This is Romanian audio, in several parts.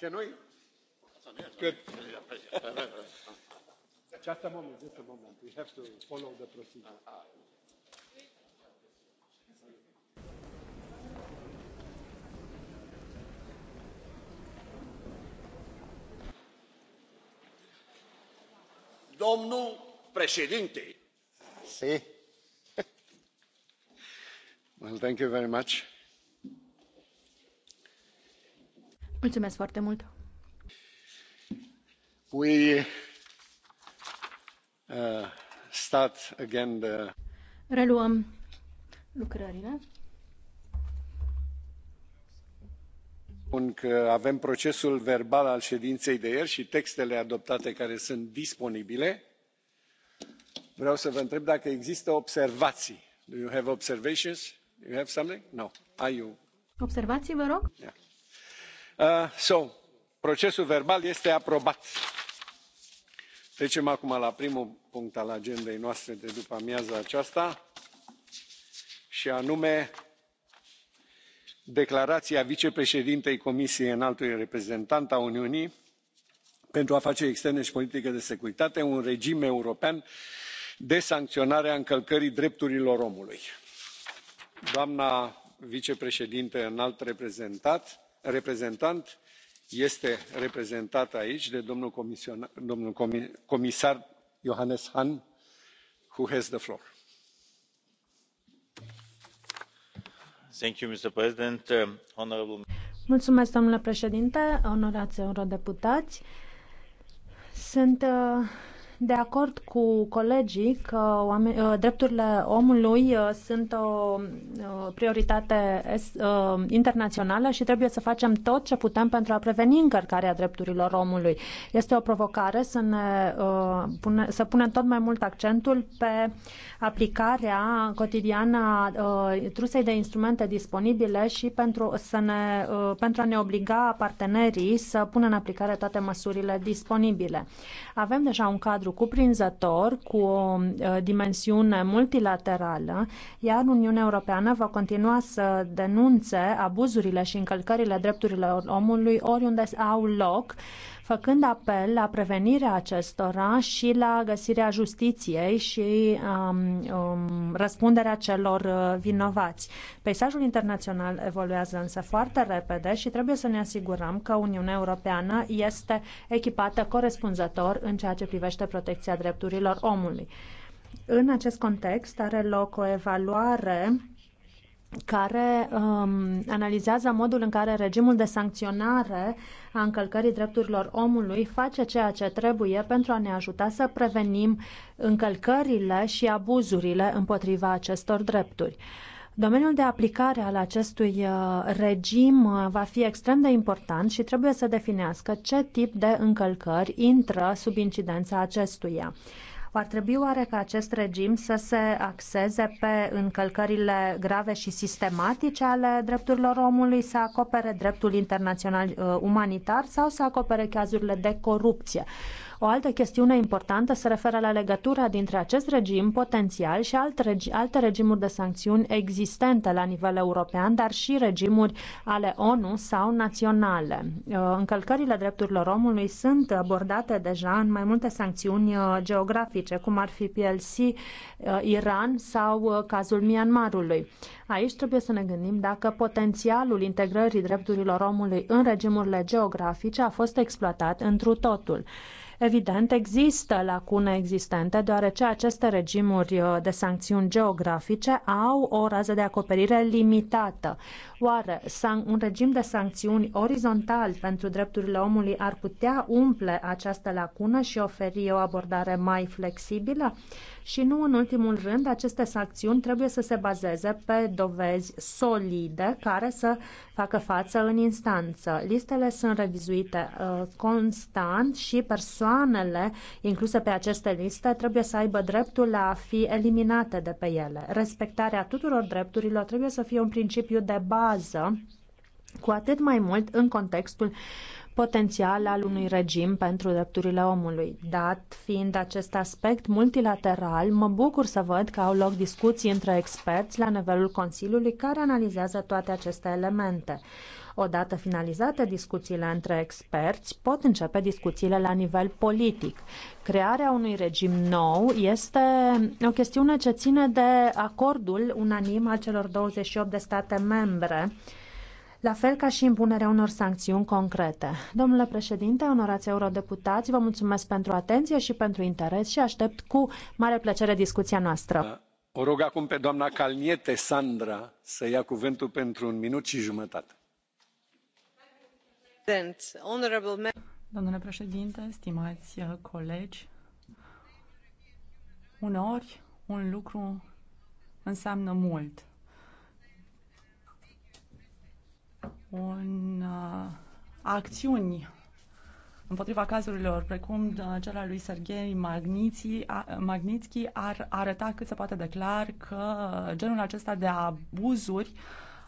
Can we? Good. just a moment, just a moment. We have to follow the procedure. Domnul președinte. Si. well, thank you very much. Mulțumesc foarte mult. We uh, start again the... Reluăm lucrările. spun că avem procesul verbal al ședinței de ieri și textele adoptate care sunt disponibile. vreau să vă întreb dacă există observații. do you have observations? you have something? no. Are you... observații vă rog? Yeah. Uh, procesul verbal este aprobat. trecem acum la primul punct al agendei noastre de după amiaza aceasta și anume declarația vicepreședintei comisiei înaltului reprezentant al uniunii pentru afaceri externe și politică de securitate un regim european de sancționare a încălcării drepturilor omului. doamna vicepreședintă înalt reprezentant reprezentant este reprezentată aici de domnul comisar johannes hahn um, domnule președinte onorați eurodeputați sunt uh, de acord cu colegii că ă, drepturile omului ă, sunt o ă, prioritate internațională și trebuie să facem tot ce putem pentru a preveni încărcarea drepturilor omului. Este o provocare să, ne, să punem tot mai mult accentul pe aplicarea cotidiană a trusei de instrumente disponibile și pentru, să ne, pentru a ne obliga partenerii să pună în aplicare toate măsurile disponibile. Avem deja un cadru cuprinzător cu o dimensiune multilaterală, iar Uniunea Europeană va continua să denunțe abuzurile și încălcările drepturilor omului oriunde au loc făcând apel la prevenirea acestora și la găsirea justiției și um, um, răspunderea celor uh, vinovați. Peisajul internațional evoluează însă foarte repede și trebuie să ne asigurăm că Uniunea Europeană este echipată corespunzător în ceea ce privește protecția drepturilor omului. În acest context are loc o evaluare care um, analizează modul în care regimul de sancționare a încălcării drepturilor omului face ceea ce trebuie pentru a ne ajuta să prevenim încălcările și abuzurile împotriva acestor drepturi. Domeniul de aplicare al acestui uh, regim uh, va fi extrem de important și trebuie să definească ce tip de încălcări intră sub incidența acestuia. Ar trebui oare ca acest regim să se axeze pe încălcările grave și sistematice ale drepturilor omului, să acopere dreptul internațional uh, umanitar sau să acopere cazurile de corupție? O altă chestiune importantă se referă la legătura dintre acest regim potențial și alt regi, alte regimuri de sancțiuni existente la nivel european, dar și regimuri ale ONU sau naționale. Uh, încălcările drepturilor omului sunt abordate deja în mai multe sancțiuni uh, geografice, cum ar fi PLC, uh, Iran sau cazul Myanmarului. Aici trebuie să ne gândim dacă potențialul integrării drepturilor omului în regimurile geografice a fost exploatat întru totul. Evident, există lacune existente, deoarece aceste regimuri uh, de sancțiuni geografice au o rază de acoperire limitată. Oare un regim de sancțiuni orizontal pentru drepturile omului ar putea umple această lacună și oferi o abordare mai flexibilă? Și nu în ultimul rând, aceste sancțiuni trebuie să se bazeze pe dovezi solide care să facă față în instanță. Listele sunt revizuite uh, constant și persoanele incluse pe aceste liste trebuie să aibă dreptul la a fi eliminate de pe ele. Respectarea tuturor drepturilor trebuie să fie un principiu de bază cu atât mai mult în contextul potențial al unui regim pentru drepturile omului. Dat fiind acest aspect multilateral, mă bucur să văd că au loc discuții între experți la nivelul Consiliului care analizează toate aceste elemente. Odată finalizate discuțiile între experți, pot începe discuțiile la nivel politic. Crearea unui regim nou este o chestiune ce ține de acordul unanim al celor 28 de state membre la fel ca și impunerea unor sancțiuni concrete. Domnule președinte, onorați eurodeputați, vă mulțumesc pentru atenție și pentru interes și aștept cu mare plăcere discuția noastră. Da. O rog acum pe doamna Calniete Sandra să ia cuvântul pentru un minut și jumătate. Domnule președinte, stimați uh, colegi, uneori un lucru înseamnă mult. un uh, acțiuni împotriva cazurilor precum uh, cel al lui Serghei Magnitsky ar arăta cât se poate declar că uh, genul acesta de abuzuri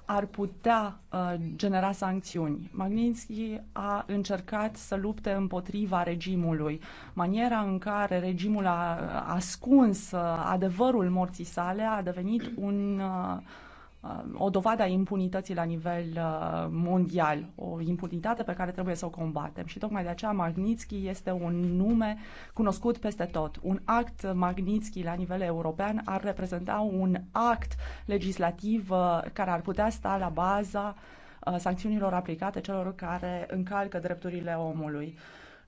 ar putea uh, genera sancțiuni. Magnitsky a încercat să lupte împotriva regimului. Maniera în care regimul a ascuns uh, adevărul morții sale a devenit un uh, Uh, o dovadă a impunității la nivel uh, mondial, o impunitate pe care trebuie să o combatem. Și tocmai de aceea Magnitsky este un nume cunoscut peste tot. Un act Magnitsky la nivel european ar reprezenta un act legislativ uh, care ar putea sta la baza sancțiunilor aplicate celor care încalcă drepturile omului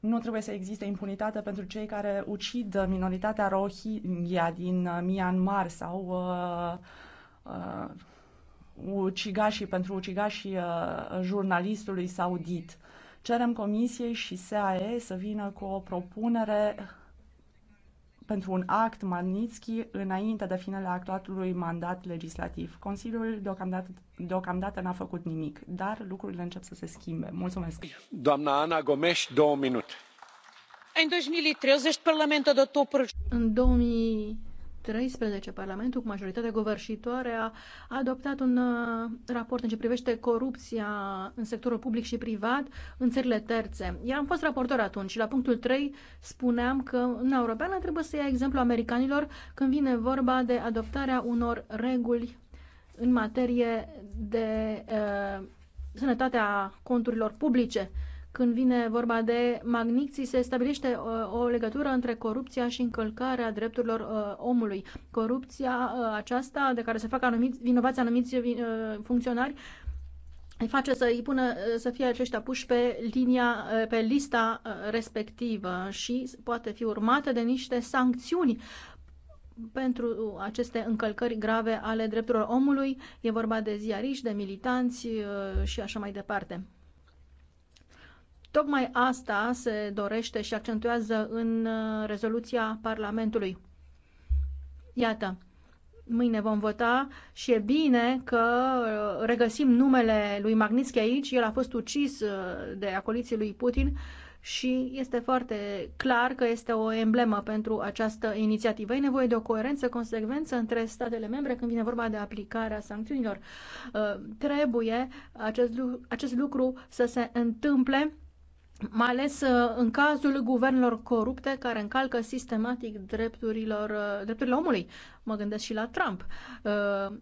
nu trebuie să existe impunitate pentru cei care ucid minoritatea rohingya din Myanmar sau uh, uh, ucigașii, pentru ucigașii uh, jurnalistului saudit. Cerem Comisiei și SAE să vină cu o propunere pentru un act Magnitsky înainte de finele actualului mandat legislativ. Consiliul deocamdată, deocamdată n-a făcut nimic, dar lucrurile încep să se schimbe. Mulțumesc. Doamna Ana Gomes, două minute. În 2030, Parlamentul adoptă o în 2000 2013, Parlamentul cu majoritate governșitoare a adoptat un uh, raport în ce privește corupția în sectorul public și privat în țările terțe. Eu am fost raportor atunci și la punctul 3 spuneam că Uniunea Europeană trebuie să ia exemplu americanilor când vine vorba de adoptarea unor reguli în materie de uh, sănătatea conturilor publice. Uh, când vine vorba de magnicții, se stabilește uh, o legătură între corupția și încălcarea drepturilor uh, omului. Corupția uh, aceasta, de care se fac anumiți, vinovați anumiți funcționari, îi face să îi pună, să fie aceștia puși pe linia, pe lista respectivă și poate fi urmată de niște sancțiuni pentru aceste încălcări grave ale drepturilor omului. E vorba de ziariști, de militanți și așa mai departe. Tocmai asta se dorește și accentuează în uh, rezoluția Parlamentului. Iată, mâine vom vota și e bine că uh, regăsim numele lui Magnitsky aici. El a fost ucis uh, de acoliții lui Putin și este foarte clar că este o emblemă pentru această inițiativă. E nevoie de o coerență, consecvență între statele membre când vine vorba de aplicarea sancțiunilor. Trebuie acest, acest lucru să se întâmple mai ales uh, în cazul guvernelor corupte care încalcă sistematic drepturilor, uh, drepturile omului. Mă gândesc și la Trump. Uh,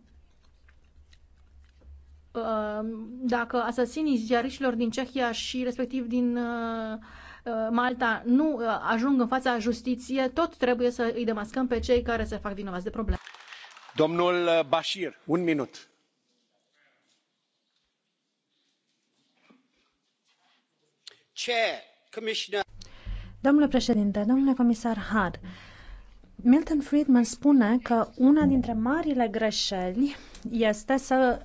dacă asasinii ziariștilor din Cehia și respectiv din Malta nu ajung în fața justiției, tot trebuie să îi demascăm pe cei care se fac vinovați de probleme. Domnul Bashir, un minut Domnule președinte, domnule comisar Hart, Milton Friedman spune că una dintre marile greșeli este să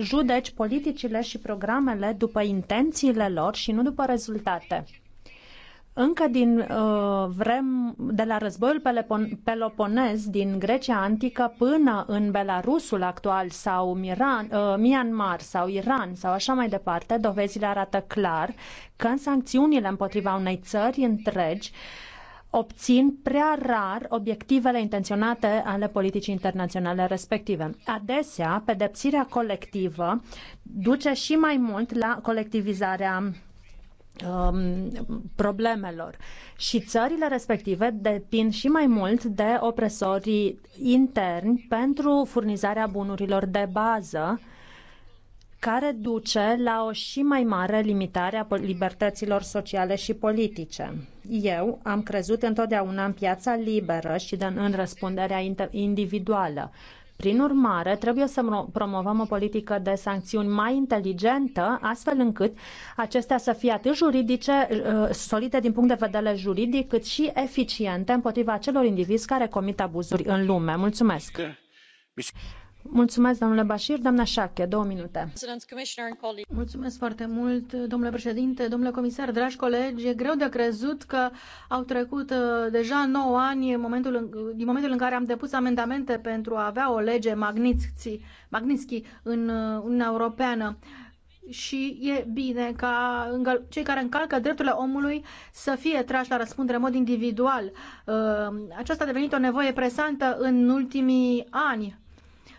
judeci politicile și programele după intențiile lor și nu după rezultate. Încă din uh, vrem, de la războiul peloponez din Grecia antică până în Belarusul actual sau Miran, uh, Myanmar sau Iran sau așa mai departe, dovezile arată clar că în sancțiunile împotriva unei țări întregi obțin prea rar obiectivele intenționate ale politicii internaționale respective. Adesea, pedepsirea colectivă duce și mai mult la colectivizarea Um, problemelor. Și țările respective depind și mai mult de opresorii interni pentru furnizarea bunurilor de bază care duce la o și mai mare limitare a libertăților sociale și politice. Eu am crezut întotdeauna în piața liberă și în răspunderea individuală. Prin urmare, trebuie să promovăm o politică de sancțiuni mai inteligentă, astfel încât acestea să fie atât juridice, uh, solide din punct de vedere juridic, cât și eficiente împotriva celor indivizi care comit abuzuri în lume. Mulțumesc! Mulțumesc, domnule Bashir. Doamna Șache, două minute. Mulțumesc foarte mult, domnule președinte, domnule comisar, dragi colegi. E greu de crezut că au trecut uh, deja 9 ani momentul în, din momentul în care am depus amendamente pentru a avea o lege Magnitsky în uh, Uniunea Europeană și e bine ca cei care încalcă drepturile omului să fie trași la răspundere în mod individual. Uh, aceasta a devenit o nevoie presantă în ultimii ani.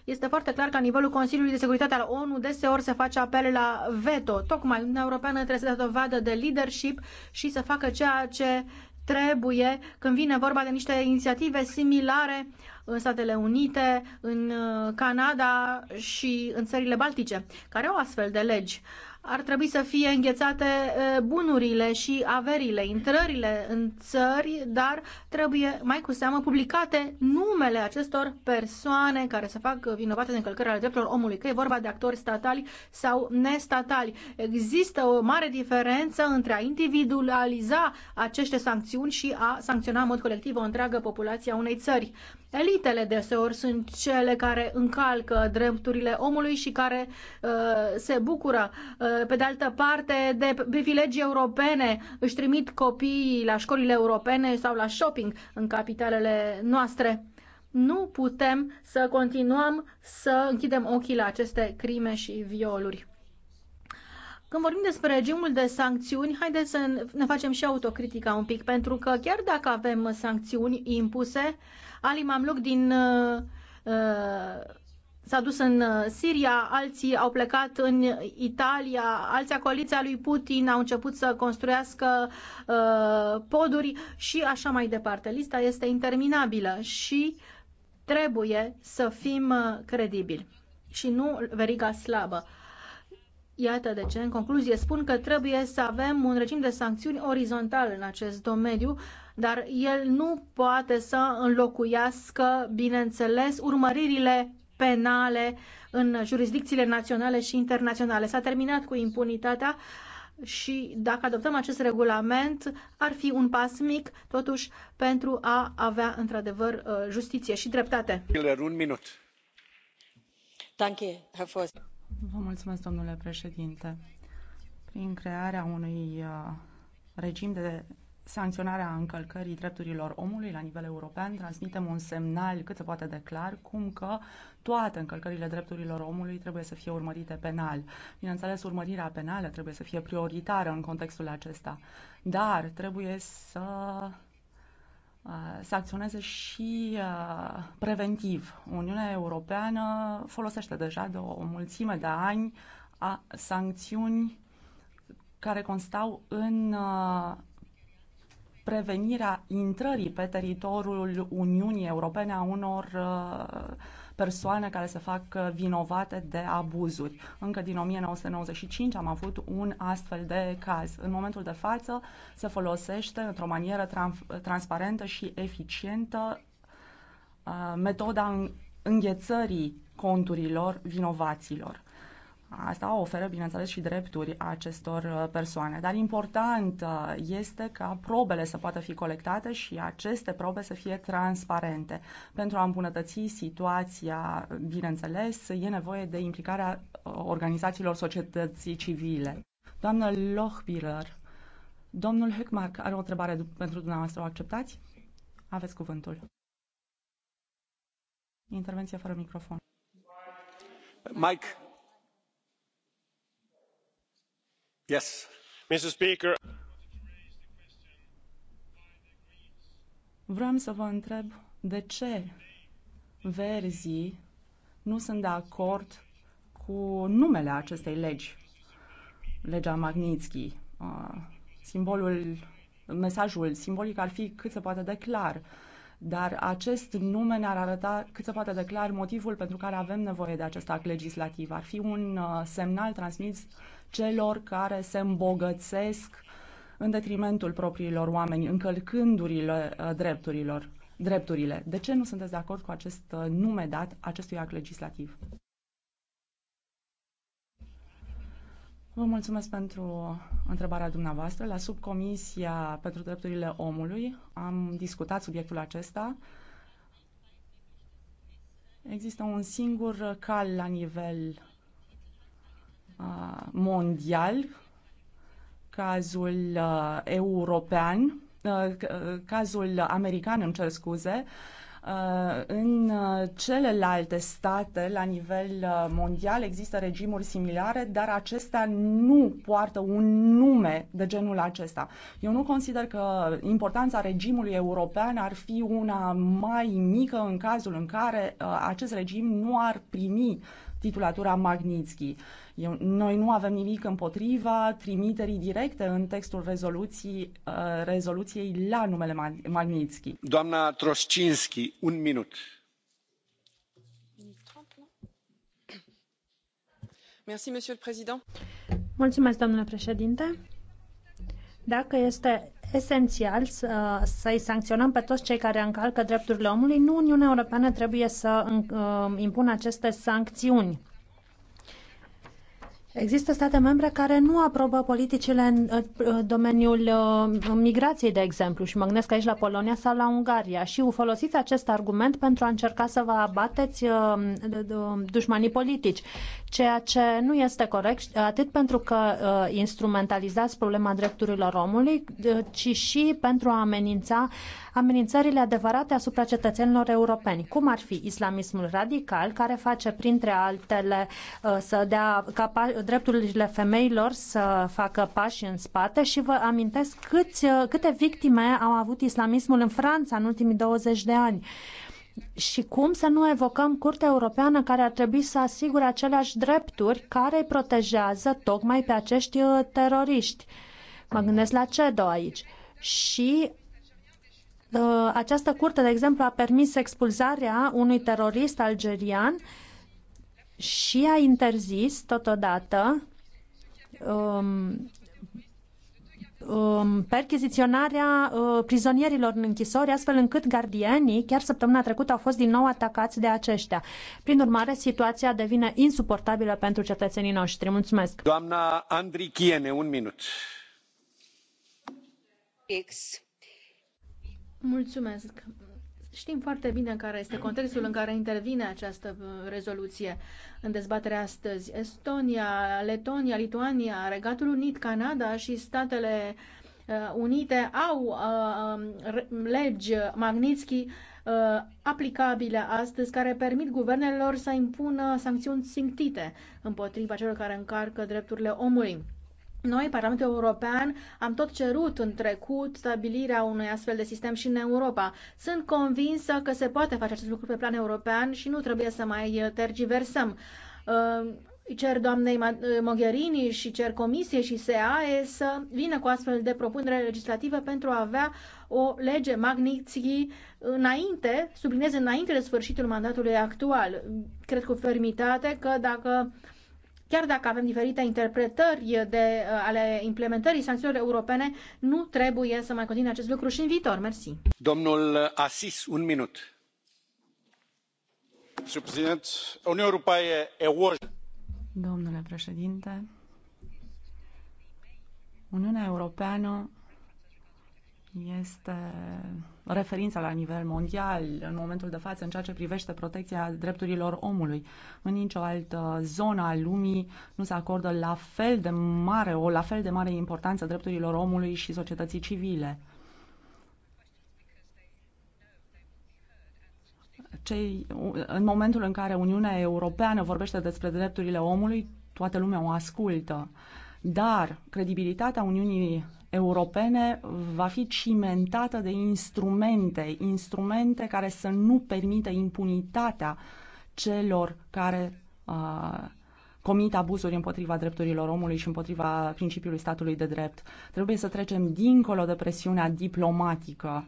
Este foarte clar că la nivelul Consiliului de Securitate al ONU deseori se face apel la veto. Tocmai Uniunea Europeană trebuie să dea dovadă de leadership și să facă ceea ce trebuie când vine vorba de niște inițiative similare în Statele Unite, în uh, Canada și în țările Baltice, care au astfel de legi. Uh, ar trebui să fie înghețate bunurile și averile, intrările în țări, dar trebuie mai cu seamă publicate numele acestor persoane care se fac vinovate de încălcări ale drepturilor omului, că e vorba de actori statali sau nestatali. Există o mare diferență între a individualiza aceste sancțiuni și a sancționa în mod colectiv o întreagă populație a unei țări. Elitele deseori sunt cele care încalcă drepturile omului și care uh, se bucură, uh, pe de altă parte, de privilegii europene, își trimit copiii la școlile europene sau la shopping în capitalele noastre. Nu putem să continuăm să închidem ochii la aceste crime și violuri. Când vorbim despre regimul de sancțiuni, haideți să ne facem și autocritica un pic, pentru că chiar dacă avem sancțiuni impuse, Ali Mamluk din uh, uh, s-a dus în uh, Siria, alții au plecat în Italia, alții acoliția lui Putin au început să construiască uh, poduri și așa mai departe. Lista este interminabilă și trebuie să fim credibili și nu veriga slabă. Iată de ce, în concluzie, spun că trebuie să avem un regim de sancțiuni orizontal în acest domeniu, uh, dar el nu poate să înlocuiască, bineînțeles, urmăririle penale în jurisdicțiile naționale și internaționale. S-a terminat cu impunitatea și dacă adoptăm acest regulament, ar fi un pas mic, totuși, pentru a avea, într-adevăr, uh, justiție și dreptate. Un minut. Vă mulțumesc, domnule președinte. Prin crearea unui uh, regim de sancționarea încălcării drepturilor omului la nivel european, transmitem un semnal cât se poate de clar, cum că toate încălcările drepturilor omului trebuie să fie urmărite penal. Bineînțeles, urmărirea penală trebuie să fie prioritară în contextul acesta, dar trebuie să uh, să acționeze și uh, preventiv. Uniunea Europeană folosește deja de o mulțime de ani a sancțiuni care constau în uh, prevenirea intrării pe teritoriul Uniunii Europene a unor uh, persoane care se fac uh, vinovate de abuzuri. Încă din 1995 am avut un astfel de caz. În momentul de față se folosește într-o manieră transparentă și eficientă uh, metoda înghețării conturilor vinovaților. Asta oferă, bineînțeles, și drepturi acestor uh, persoane. Dar important uh, este ca probele să poată fi colectate și aceste probe să fie transparente. Pentru a îmbunătăți situația, bineînțeles, e nevoie de implicarea uh, organizațiilor societății civile. Doamnă Lochbiller, domnul Heckmark are o întrebare pentru dumneavoastră. O acceptați? Aveți cuvântul. Intervenție fără microfon. Mike, vreau să vă întreb de ce verzii nu sunt de acord cu numele acestei legi, legea Magnitsky. Uh, simbolul, mesajul simbolic ar fi cât se poate de clar, dar acest nume ne-ar arăta cât se poate de clar motivul pentru care avem nevoie de acest act legislativ. Ar fi un uh, semnal transmis celor care se îmbogățesc în detrimentul propriilor oameni, încălcându-le uh, drepturilor, drepturile. De ce nu sunteți de acord cu acest uh, nume dat acestui act legislativ? Vă mulțumesc pentru întrebarea dumneavoastră. La subcomisia pentru drepturile omului am discutat subiectul acesta. Există un singur cal la nivel Uh, mondial, cazul uh, european, uh, cazul american, îmi cer scuze, în celelalte state la nivel mondial există regimuri similare, dar acestea nu poartă un nume de genul acesta. Eu nu consider că importanța regimului european ar fi una mai mică în cazul în care acest regim nu ar primi uh, titulatura Magnitsky. Eu, noi nu avem nimic împotriva trimiterii directe în textul rezoluției, uh, rezoluției la numele Magnitsky. Doamna Troșcinski, un minut. Mulțumesc, domnule președinte dacă este esențial să, să-i sancționăm pe toți cei care încalcă drepturile omului, nu Uniunea Europeană trebuie să um, impună aceste sancțiuni. Există state membre care nu aprobă politicile în domeniul um, migrației, de exemplu, și mă gândesc aici la Polonia sau la Ungaria. Și folosiți acest argument pentru a încerca să vă abateți um, dușmanii politici ceea ce nu este corect atât pentru că uh, instrumentalizați problema drepturilor omului, uh, ci și pentru a amenința amenințările adevărate asupra cetățenilor europeni, cum ar fi islamismul radical, care face, printre altele, uh, să dea capa- drepturile femeilor să facă pași în spate și vă amintesc câți, uh, câte victime au avut islamismul în Franța în ultimii 20 de ani. Uh, și cum să nu evocăm Curtea Europeană care ar trebui să asigure aceleași drepturi care îi protejează tocmai pe acești uh, teroriști. Mă gândesc la CEDO aici. Și uh, această curte, de exemplu, a permis expulzarea unui terorist algerian și a interzis totodată um, Um, percheziționarea uh, prizonierilor în închisori, astfel încât gardienii, chiar săptămâna trecută, au fost din nou atacați de aceștia. Prin urmare, situația devine insuportabilă pentru cetățenii noștri. Mulțumesc! Doamna Andrichiene, un minut. Mulțumesc! Știm foarte bine care este contextul în care intervine această uh, rezoluție în dezbaterea astăzi. Estonia, Letonia, Lituania, Regatul Unit, Canada și Statele uh, Unite au uh, um, legi Magnitsky uh, aplicabile astăzi care permit guvernelor să impună sancțiuni țintite împotriva celor care încarcă drepturile omului. Noi, Parlamentul European, am tot cerut în trecut stabilirea unui astfel de sistem și în Europa. Sunt convinsă că se poate face acest lucru pe plan european și nu trebuie să mai tergiversăm. Cer doamnei Mogherini și cer Comisie și SEAE să vină cu astfel de propunere legislativă pentru a avea o lege Magnitsky înainte, sublinez înainte de sfârșitul mandatului actual. Cred cu fermitate că dacă Chiar dacă avem diferite interpretări de, uh, ale implementării sancțiunilor europene, nu trebuie să mai continue acest lucru și în viitor. Mersi. Domnul Asis, un minut. Domnule președinte, Uniunea Europeană este referința la nivel mondial în momentul de față în ceea ce privește protecția drepturilor omului. În nicio altă zonă a lumii nu se acordă la fel de mare, o la fel de mare importanță drepturilor omului și societății civile. Cei, în momentul în care Uniunea Europeană vorbește despre drepturile omului, toată lumea o ascultă. Dar credibilitatea Uniunii europene va fi cimentată de instrumente, instrumente care să nu permită impunitatea celor care uh, comit abuzuri împotriva drepturilor omului și împotriva principiului statului de drept. Trebuie să trecem dincolo de presiunea diplomatică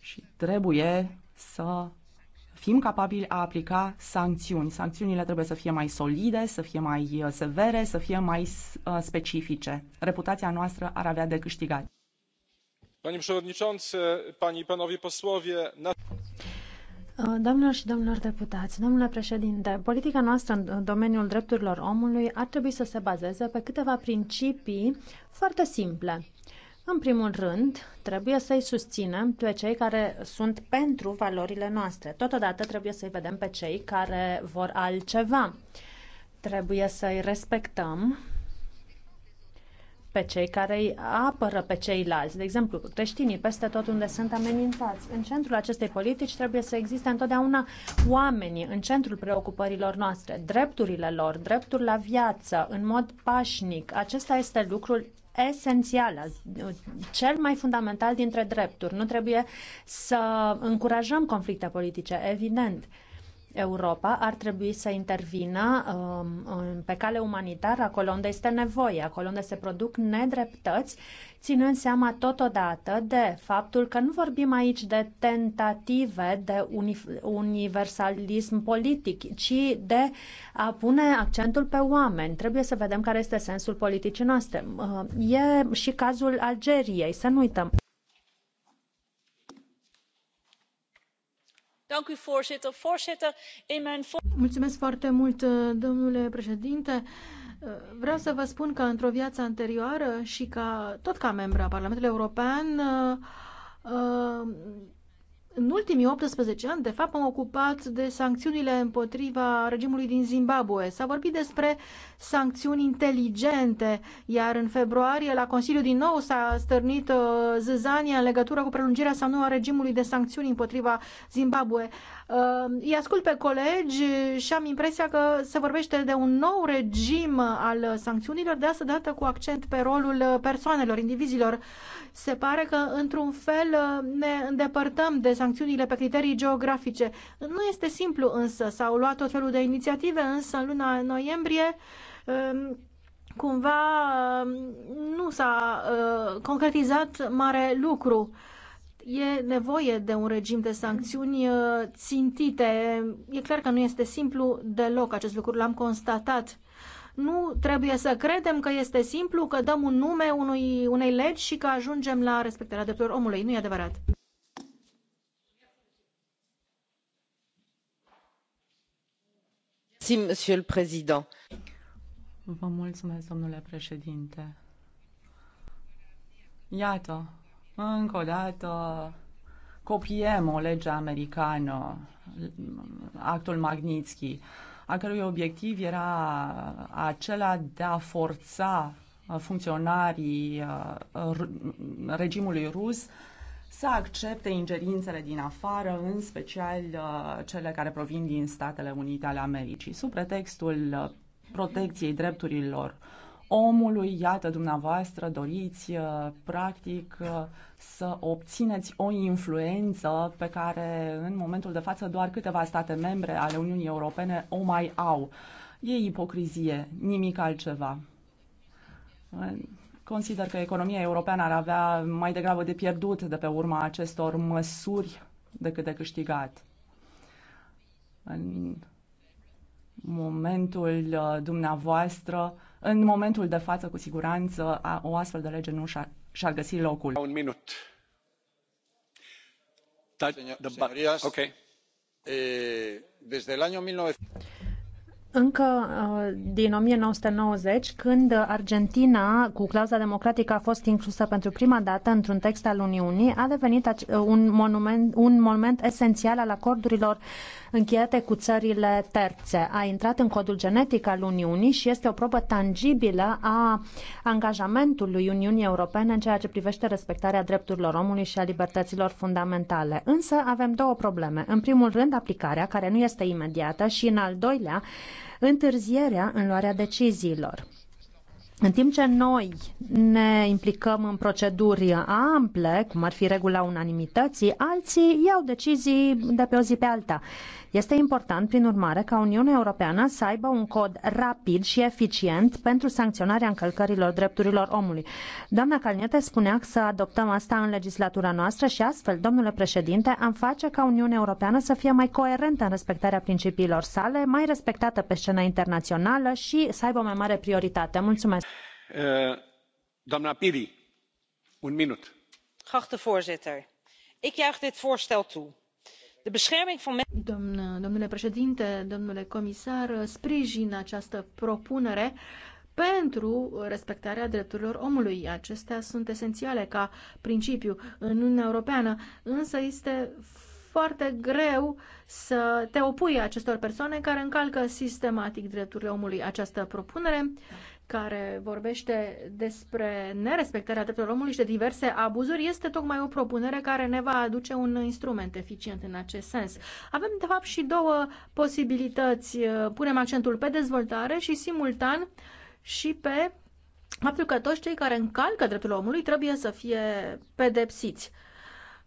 și trebuie să fim capabili a aplica sancțiuni. Sancțiunile trebuie să fie mai solide, să fie mai uh, severe, să fie mai uh, specifice. Reputația noastră ar avea de câștigat. Panie przewodniczący, panie i panowie posłowie. Na... Uh, doamnelor și domnilor deputați, domnule președinte, politica noastră în domeniul drepturilor omului ar trebui să se bazeze pe câteva principii foarte simple. În primul rând, trebuie să-i susținem pe cei care sunt pentru valorile noastre. Totodată trebuie să-i vedem pe cei care vor altceva. Trebuie să-i respectăm pe cei care îi apără pe ceilalți, de exemplu creștinii, peste tot unde sunt amenințați. În centrul acestei politici trebuie să existe întotdeauna oamenii, în centrul preocupărilor noastre, drepturile lor, dreptul la viață, în mod pașnic. Acesta este lucrul esențială, cel mai fundamental dintre drepturi. Nu trebuie să încurajăm conflicte politice, evident. Europa ar trebui să intervină um, pe cale umanitară acolo unde este nevoie, acolo unde se produc nedreptăți ținând seama totodată de faptul că nu vorbim aici de tentative de universalism politic, ci de a pune accentul pe oameni. Trebuie să vedem care este sensul politicii noastre. Uh, e și cazul Algeriei, să nu uităm. Mulțumesc foarte mult, uh, domnule președinte. Vreau să vă spun că într-o viață anterioară și ca tot ca membra Parlamentului European, uh, uh, în ultimii 18 ani, de fapt, am ocupat de sancțiunile împotriva regimului din Zimbabwe. S-a vorbit despre sancțiuni inteligente, iar în februarie, la Consiliu din nou, s-a stârnit uh, zâzania în legătură cu prelungirea sau nu a regimului de sancțiuni împotriva Zimbabwe. Ehm, îi ascult pe colegi și am impresia că se vorbește de un nou regim al sancțiunilor, de asta dată cu accent pe rolul persoanelor, indivizilor. Se pare că, într-un fel, ne îndepărtăm de sancțiunile pe criterii geografice. Nu este simplu, însă. S-au luat tot felul de inițiative, însă, în luna noiembrie, ehm, cumva ehm, nu s-a concretizat mare lucru e nevoie de un regim de sancțiuni uh, țintite. E clar că nu este simplu deloc acest lucru, l-am constatat. Nu trebuie să credem că este simplu, că dăm un nume unui, unei legi și că ajungem la respectarea drepturilor omului. Nu e adevărat. Vă mulțumesc, domnule președinte. Iată, încă o dată copiem o lege americană, actul Magnitsky, a cărui obiectiv era acela de a forța funcționarii uh, regimului rus să accepte ingerințele din afară, în special uh, cele care provin din Statele Unite ale Americii, sub pretextul uh, protecției drepturilor uh, omului, iată dumneavoastră, doriți uh, practic uh, să obțineți o influență pe care în momentul de față doar câteva state membre ale Uniunii Europene o mai au. E ipocrizie, nimic altceva. Consider că economia europeană ar avea mai degrabă de pierdut de pe urma acestor măsuri decât de câștigat. În momentul uh, dumneavoastră, în momentul de față, cu siguranță, o astfel de lege nu și-ar, și-ar găsi locul. Un minut. Da, eh, desde el año 19... Încă uh, din 1990, când Argentina, cu clauza democratică, a fost inclusă pentru prima dată într-un text al Uniunii, a devenit un monument, un monument esențial al acordurilor încheiate cu țările terțe. A intrat în codul genetic al Uniunii și este o probă tangibilă a angajamentului Uniunii Europene în ceea ce privește respectarea drepturilor omului și a libertăților fundamentale. Însă avem două probleme. În primul rând, aplicarea, care nu este imediată, și în al doilea, întârzierea în luarea deciziilor. În timp ce noi ne implicăm în proceduri ample, cum ar fi regula unanimității, alții iau decizii de pe o zi pe alta. Este important, prin urmare, ca Uniunea Europeană să aibă un cod rapid și eficient pentru sancționarea încălcărilor drepturilor omului. Doamna Calniete spunea că să adoptăm asta în legislatura noastră și astfel, domnule președinte, am face ca Uniunea Europeană să fie mai coerentă în respectarea principiilor sale, mai respectată pe scena internațională și să aibă o mai mare prioritate. Mulțumesc! Eh, voorzitter ik juich dit voorstel toe. de bescherming van. domnule președinte domnule comisar sprijin această propunere pentru respectarea drepturilor omului. Acestea sunt esențiale ca principiu în Uniunea Europeană, însă este foarte greu să te opui acestor persoane care încalcă sistematic drepturile omului. Această propunere care vorbește despre nerespectarea drepturilor omului și de diverse abuzuri, este tocmai o propunere care ne va aduce un instrument eficient în acest sens. Avem, de fapt, și două posibilități. Punem accentul pe dezvoltare și, simultan, și pe faptul că toți cei care încalcă dreptul omului trebuie să fie pedepsiți.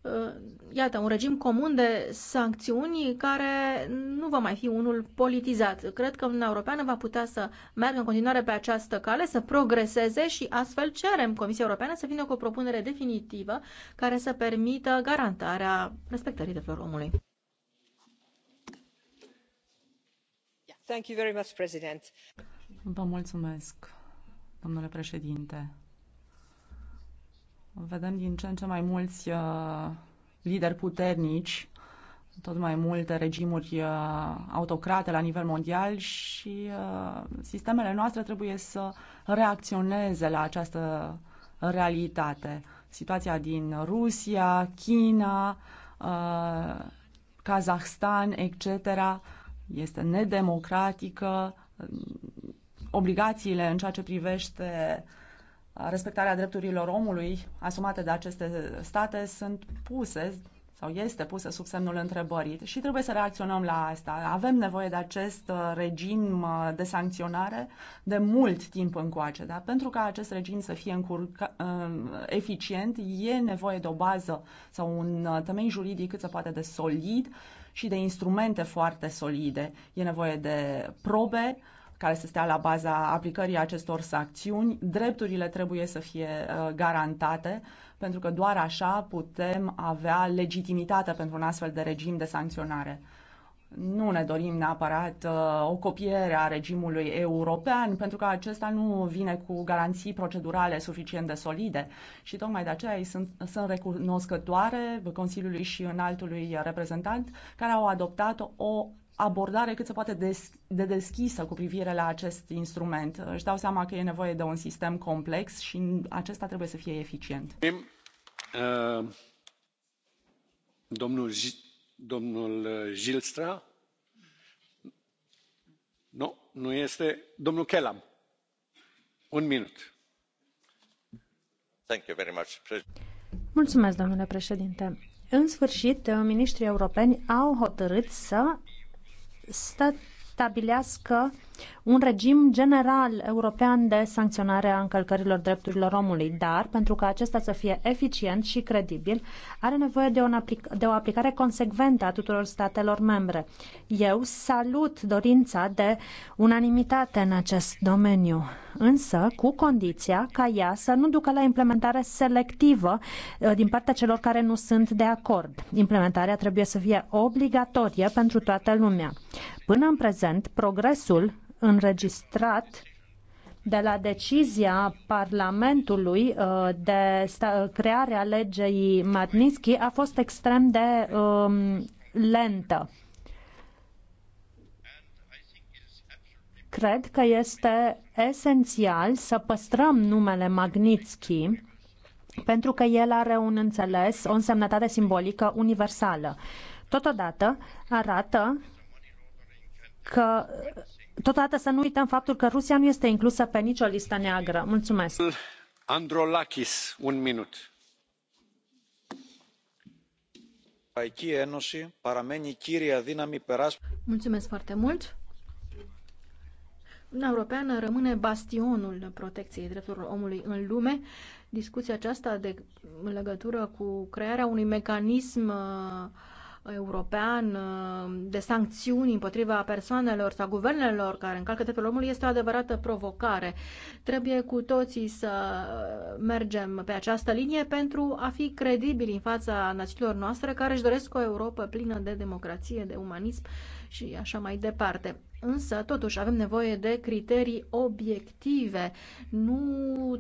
Uh, iată, un regim comun de sancțiuni care nu va mai fi unul politizat. Cred că Uniunea Europeană va putea să meargă în continuare pe această cale, să progreseze și astfel cerem Comisia Europeană să vină cu o propunere definitivă care să permită garantarea respectării drepturilor omului. Vă mulțumesc, domnule președinte. Vedem din ce în ce mai mulți uh, lideri puternici, tot mai multe regimuri uh, autocrate la nivel mondial și uh, sistemele noastre trebuie să reacționeze la această realitate. Situația din Rusia, China, Kazahstan, etc., este nedemocratică. Obligațiile în ceea ce privește uh, respectarea drepturilor omului asumate de aceste state sunt puse sau este pusă sub semnul întrebării și trebuie să reacționăm la asta. Avem nevoie de acest uh, regim uh, de sancționare de mult timp încoace, dar pentru ca acest regim să fie încurca, uh, eficient, e nevoie de o bază sau un temei juridic cât se poate de solid și de instrumente foarte solide. E nevoie de probe, care să stea la baza aplicării acestor sancțiuni. Drepturile trebuie să fie uh, garantate, pentru că doar așa putem avea legitimitate pentru un astfel de regim de sancționare. Nu ne dorim neapărat uh, o copiere a regimului european, pentru că acesta nu vine cu garanții procedurale suficient de solide și tocmai de aceea sunt, sunt recunoscătoare Consiliului și înaltului reprezentant care au adoptat o abordare cât se poate des, de deschisă cu privire la acest instrument. Își dau seama că e nevoie de un sistem complex și acesta trebuie să fie eficient. Uh, domnul, domnul Gilstra? Uh, nu, nu este. Domnul Kelam. Un minut. Thank you very much. Mulțumesc, domnule președinte. În sfârșit, uh, miniștrii europeni au hotărât să stabilească un regim general european de sancționare a încălcărilor drepturilor omului, dar pentru ca acesta să fie eficient și credibil, are nevoie de, un aplic- de o aplicare consecventă a tuturor statelor membre. Eu salut dorința de unanimitate în acest domeniu, însă cu condiția ca ea să nu ducă la implementare selectivă uh, din partea celor care nu sunt de acord. Implementarea trebuie să fie obligatorie pentru toată lumea. Până în prezent, progresul înregistrat de la decizia Parlamentului uh, de crearea legei Magnitsky a fost extrem de um, lentă. Cred că este esențial să păstrăm numele Magnitsky pentru că el are un înțeles, o însemnătate simbolică universală. Totodată arată că Totodată să nu uităm faptul că Rusia nu este inclusă pe nicio listă neagră. Mulțumesc. Androlakis, un minut. Mulțumesc foarte mult. Uniunea Europeană rămâne bastionul protecției drepturilor omului în lume. Discuția aceasta de, în legătură cu crearea unui mecanism uh, european uh, de sancțiuni împotriva persoanelor sau guvernelor care încalcă dreptul omului este o adevărată provocare. Trebuie cu toții să mergem pe această linie pentru a fi credibili în fața națiunilor noastre care își doresc o Europa plină de democrație, de umanism și așa mai departe însă totuși avem nevoie de criterii obiective. Nu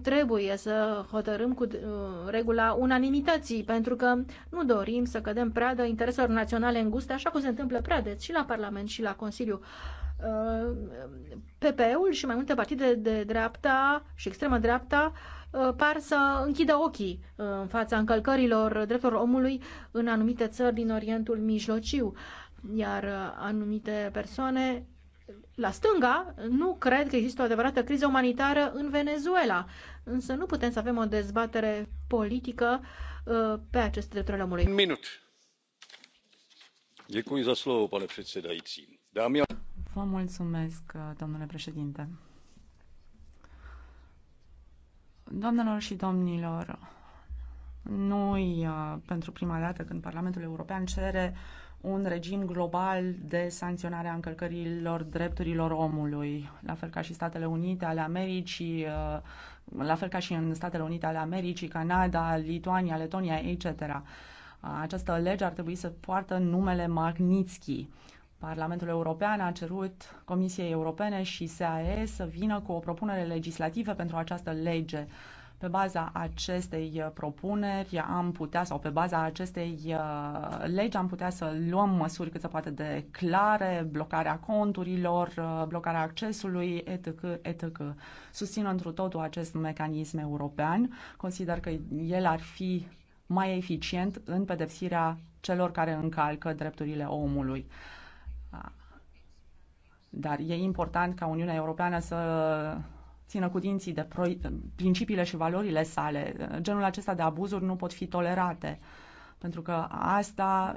trebuie să hotărâm cu uh, regula unanimității, pentru că nu dorim să cădem pradă intereselor naționale înguste, așa cum se întâmplă prea des și la Parlament și la Consiliu. Uh, PP-ul și mai multe partide de dreapta și extremă dreapta uh, par să închidă ochii în fața încălcărilor drepturilor omului în anumite țări din Orientul Mijlociu, iar anumite persoane la stânga, nu cred că există o adevărată criză umanitară în Venezuela. Însă nu putem să avem o dezbatere politică uh, pe aceste drepturi ale omului. Minut. Děkuji za slovo, pane předsedající. Dámy a... Vă mulțumesc, uh, domnule președinte. Doamnelor și domnilor, noi, uh, pentru prima dată când Parlamentul European cere uh, un regim global de sancționare a încălcărilor drepturilor omului, la fel ca și Statele Unite ale Americii, uh, la fel ca și în Statele Unite ale Americii, Canada, Lituania, Letonia, etc. Uh, această lege ar trebui să poartă numele Magnitsky. Parlamentul European a cerut Comisiei Europene și SAE să vină cu o propunere legislativă pentru această lege pe baza acestei uh, propuneri am putea, sau pe baza acestei uh, legi, am putea să luăm măsuri cât se poate de clare, blocarea conturilor, uh, blocarea accesului, etc. etc. Susțin întru totul acest mecanism european. Consider că el ar fi mai eficient în pedepsirea celor care încalcă drepturile omului. Dar e important ca Uniunea Europeană să țină cu dinții de principiile și valorile sale. Genul acesta de abuzuri nu pot fi tolerate, pentru că asta,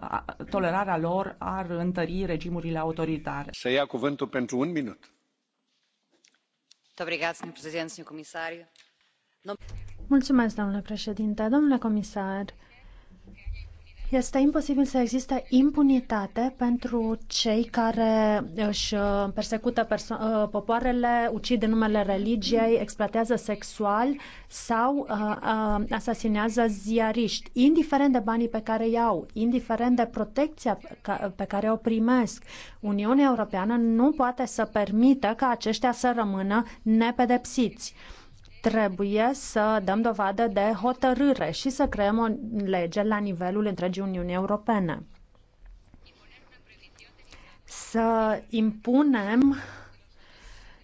tolerarea lor ar întări regimurile autoritare. Să ia cuvântul pentru un minut. Mulțumesc, domnule președinte domnule comisar este imposibil să existe impunitate pentru cei care își uh, persecută uh, popoarele, ucid în numele religiei, exploatează sexual sau uh, uh, asasinează ziariști, indiferent de banii pe care îi au, indiferent de protecția pe care o primesc. Uniunea Europeană nu poate să permită ca aceștia să rămână nepedepsiți. Uh, Trebuie să dăm dovadă de hotărâre și să creăm o lege la nivelul întregii Uniunii Europene. Să impunem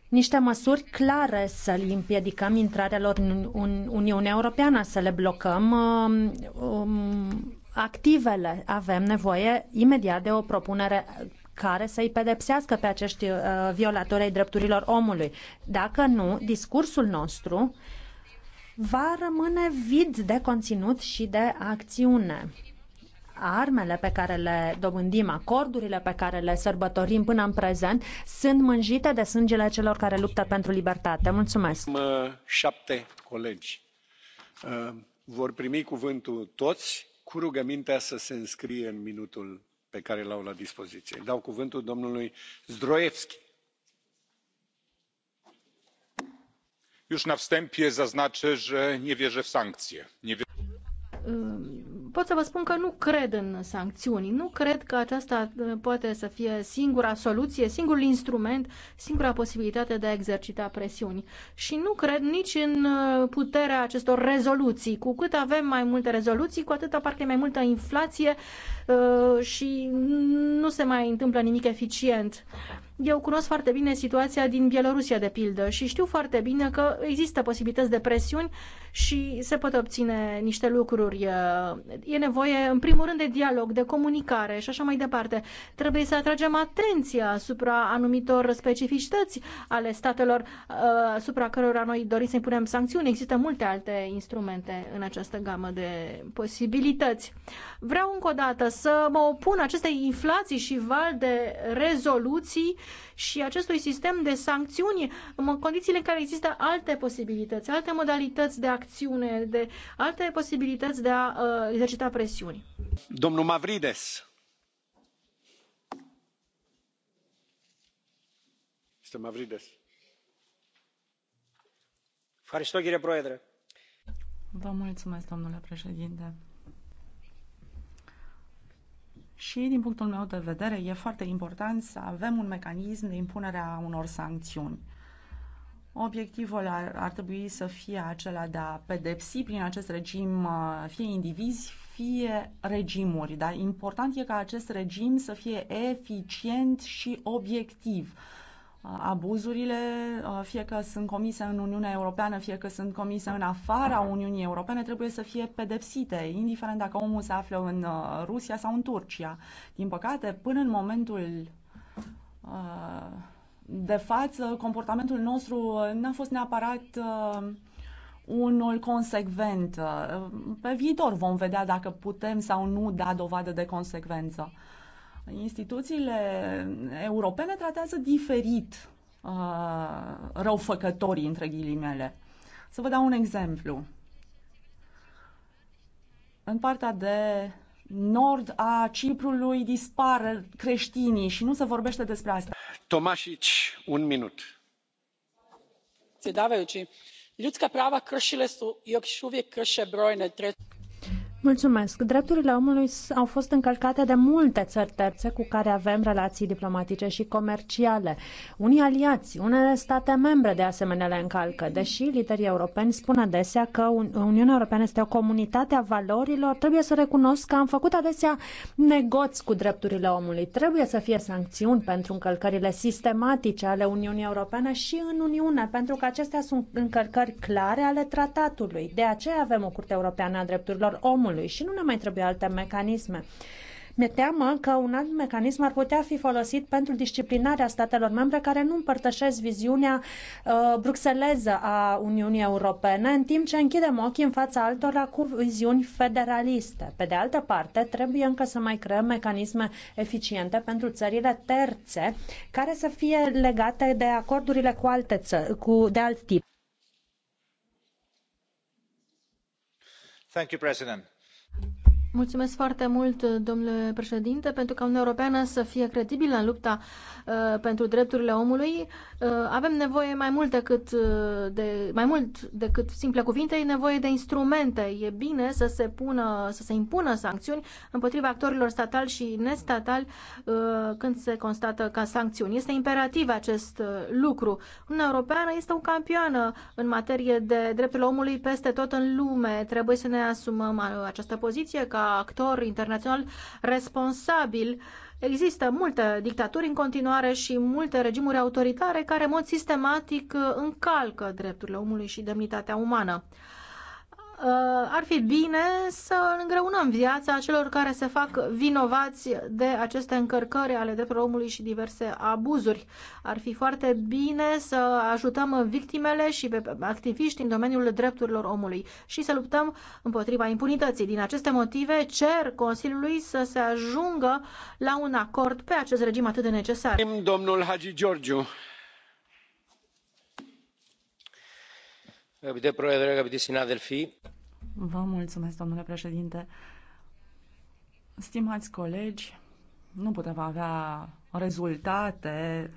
niște măsuri clare să le împiedicăm intrarea lor în Uniunea Europeană, să le blocăm um, um, activele. Avem nevoie imediat de o propunere care să-i pedepsească pe acești uh, violatori ai drepturilor omului. Dacă nu, discursul nostru va rămâne vid de conținut și de acțiune. Armele pe care le dobândim, acordurile pe care le sărbătorim până în prezent, sunt mânjite de sângele celor care luptă pentru libertate. Mulțumesc! Uh, șapte colegi uh, vor primi cuvântul toți cu rugămintea să se înscrie în minutul pe care îl au la dispoziție. dau cuvântul domnului zdrojewski. doamnă na wstępie zaznaczę że nie wierzę w sankcje pot să vă spun că nu cred în sancțiuni. Nu cred că aceasta uh, poate să fie singura soluție, singurul instrument, singura posibilitate de a exercita presiuni. Și nu cred nici în uh, puterea acestor rezoluții. Cu cât avem mai multe rezoluții, cu atât apar mai multă inflație uh, și nu se mai întâmplă nimic eficient. Eu cunosc foarte bine situația din Bielorusia, de pildă, și știu foarte bine că există posibilități de presiuni și se pot obține niște lucruri. E nevoie, în primul rând, de dialog, de comunicare și așa mai departe. Trebuie să atragem atenția asupra anumitor specificități ale statelor uh, asupra cărora noi dorim să impunem sancțiuni. Există multe alte instrumente în această gamă de posibilități. Vreau încă o dată să mă opun acestei inflații și val de rezoluții și acestui sistem de sancțiuni în condițiile în care există alte posibilități, alte modalități de acțiune, de alte posibilități de a uh, exercita presiuni. Domnul Mavrides. Este Mavrides. Vă mulțumesc, domnule președinte și, din punctul meu de vedere, e foarte important să avem un mecanism de impunere a unor sancțiuni. Obiectivul ar, ar trebui să fie acela de a pedepsi prin acest regim uh, fie indivizi, fie regimuri, dar important e ca acest regim să fie eficient și obiectiv abuzurile, fie că sunt comise în Uniunea Europeană, fie că sunt comise în afara Uniunii Europene, trebuie să fie pedepsite, indiferent dacă omul se află în Rusia sau în Turcia. Din păcate, până în momentul de față, comportamentul nostru n-a fost neapărat unul consecvent. Pe viitor vom vedea dacă putem sau nu da dovadă de consecvență. Instituțiile europene tratează diferit uh, răufăcătorii, între ghilimele. Să vă dau un exemplu. În partea de nord a Ciprului dispar creștinii și nu se vorbește despre asta. Tomașici, un minut. Predsjedavajući, ljudska prava kršile su i još uvijek krše brojne treće Mulțumesc. Drepturile omului au fost încălcate de multe țări terțe cu care avem relații diplomatice și comerciale. Unii aliați, unele state membre de asemenea le încalcă, deși liderii europeni spun adesea că Uniunea Europeană este o comunitate a valorilor, trebuie să recunosc că am făcut adesea negoți cu drepturile omului. Trebuie să fie sancțiuni pentru încălcările sistematice ale Uniunii Europene și în Uniune, pentru că acestea sunt încălcări clare ale tratatului. De aceea avem o Curte Europeană a Drepturilor Omului omului și nu ne mai trebuie alte mecanisme. Mi-e teamă că un alt mecanism ar putea fi folosit pentru disciplinarea statelor membre care nu împărtășesc viziunea uh, bruxeleză a Uniunii Europene, în timp ce închidem ochii în fața altora cu viziuni federaliste. Pe de altă parte, trebuie încă să mai creăm mecanisme eficiente pentru țările terțe, care să fie legate de acordurile cu alte țări, cu, de alt tip. Thank you, President Mulțumesc foarte mult, domnule președinte, pentru ca Uniunea Europeană să fie credibilă în lupta uh, pentru drepturile omului. Uh, avem nevoie mai mult, decât, uh, de, mai mult decât simple cuvinte, e nevoie de instrumente. E bine să se, pună, să se impună sancțiuni împotriva actorilor statali și nestatali uh, când se constată ca sancțiuni. Este imperativ acest uh, lucru. Uniunea Europeană este o campioană în materie de drepturile omului peste tot în lume. Trebuie să ne asumăm uh, această poziție ca actor internațional responsabil. Există multe dictaturi în continuare și multe regimuri autoritare care în mod sistematic încalcă drepturile omului și demnitatea umană. Uh, ar fi bine să îngreunăm viața celor care se fac vinovați de aceste încărcări ale drepturilor omului și diverse abuzuri. Ar fi foarte bine să ajutăm victimele și pe activiști în domeniul drepturilor omului și să luptăm împotriva impunității. Din aceste motive, cer Consiliului să se ajungă la un acord pe acest regim atât de necesar. Domnul Hagi Georgiu. Vă mulțumesc, domnule președinte. Stimați colegi, nu putem avea rezultate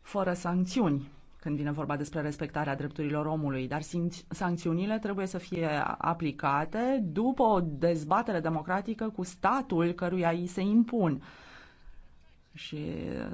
fără sancțiuni când vine vorba despre respectarea drepturilor omului, dar sancțiunile trebuie să fie aplicate după o dezbatere democratică cu statul căruia îi se impun și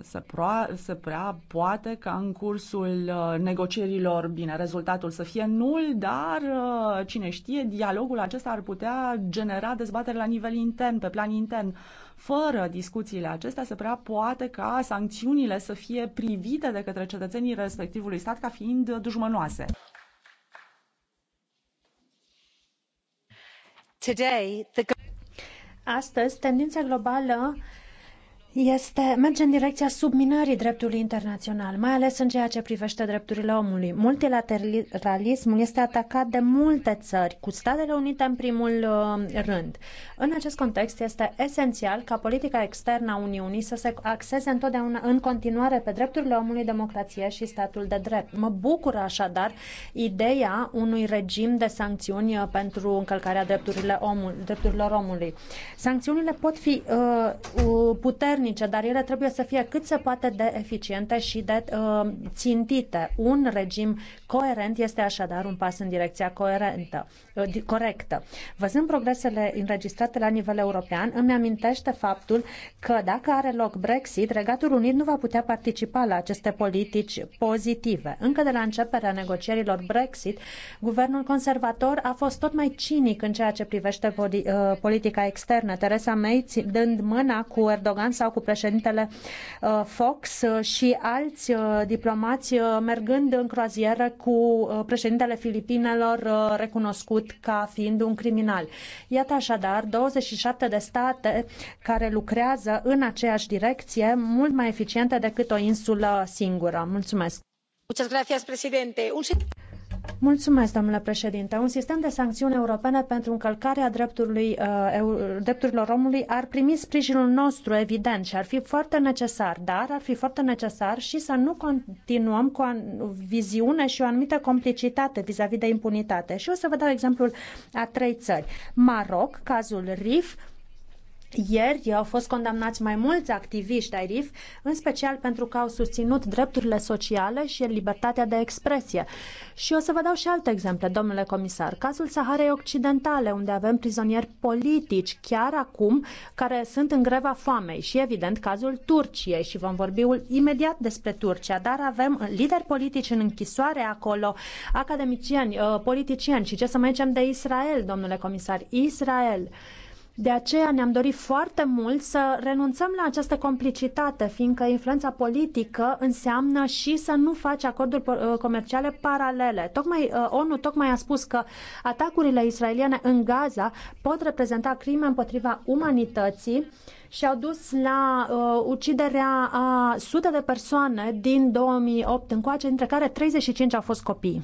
se, proa, se prea poate ca în cursul uh, negocierilor, bine, rezultatul să fie nul, dar uh, cine știe, dialogul acesta ar putea genera dezbatere la nivel intern, pe plan intern. Fără discuțiile acestea se prea poate ca sancțiunile să fie privite de către cetățenii respectivului stat ca fiind dușmănoase. Today, the... Astăzi, tendința globală este, merge în direcția subminării dreptului internațional, mai ales în ceea ce privește drepturile omului. Multilateralismul este atacat de multe țări, cu Statele Unite în primul uh, rând. În acest context este esențial ca politica externă a Uniunii să se axeze întotdeauna în continuare pe drepturile omului, democrație și statul de drept. Mă bucură așadar ideea unui regim de sancțiuni uh, pentru încălcarea drepturilor omului. Sancțiunile pot fi uh, uh puternice puternice, dar ele trebuie să fie cât se poate de eficiente și de uh, țintite. Un regim coerent este așadar un pas în direcția coerentă, uh, corectă. Văzând progresele înregistrate la nivel european, îmi amintește faptul că dacă are loc Brexit, Regatul Unit nu va putea participa la aceste politici pozitive. Încă de la începerea negocierilor Brexit, guvernul conservator a fost tot mai cinic în ceea ce privește uh, politica externă. Teresa May dând mâna cu Erdogan sau cu președintele uh, Fox uh, și alți uh, diplomați mergând în croazieră cu președintele Filipinelor recunoscut ca fiind un criminal. Iată așadar 27 de state care lucrează în aceeași direcție, mult mai eficiente decât o insulă singură. Mulțumesc! Muchas gracias, presidente. Un... Mulțumesc, domnule președinte. Un sistem de sancțiuni europene pentru încălcarea drepturilor, uh, drepturilor omului ar primi sprijinul nostru, evident, și ar fi foarte necesar, dar ar fi foarte necesar și să nu continuăm cu o viziune și o anumită complicitate vis-a-vis -vis de impunitate. Și o să vă dau exemplul a trei țări. Maroc, cazul RIF, ieri au fost condamnați mai mulți activiști ai RIF, în special pentru că au susținut drepturile sociale și libertatea de expresie. Și o să vă dau și alte exemple, domnule comisar. Cazul Saharei Occidentale, unde avem prizonieri politici chiar acum, care sunt în greva foamei și, evident, cazul Turciei și vom vorbi imediat despre Turcia, dar avem uh, lideri politici în închisoare acolo, academicieni, uh, politicieni și ce să mai zicem de Israel, domnule comisar. Israel de aceea ne-am dorit foarte mult să renunțăm la această complicitate, fiindcă influența politică înseamnă și să nu faci acorduri uh, comerciale paralele. Tocmai, uh, ONU tocmai a spus că atacurile israeliene în Gaza pot reprezenta crime împotriva umanității și au dus la uh, uciderea a sute de persoane din 2008 încoace, între care 35 au fost copii.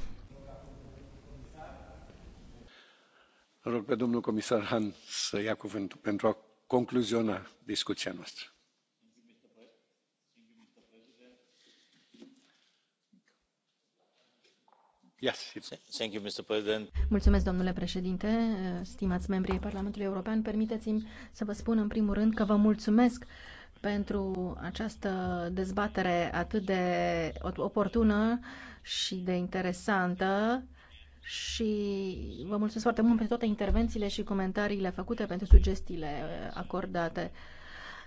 rog pe domnul comisar hahn să ia cuvântul pentru a concluziona discuția noastră. Mulțumesc, domnule președinte stimați membri ai parlamentului european permiteți mi să vă spun în primul rând că vă mulțumesc pentru această dezbatere atât de oportună și de interesantă și vă mulțumesc foarte mult pentru toate intervențiile și comentariile făcute, pentru sugestiile uh, acordate.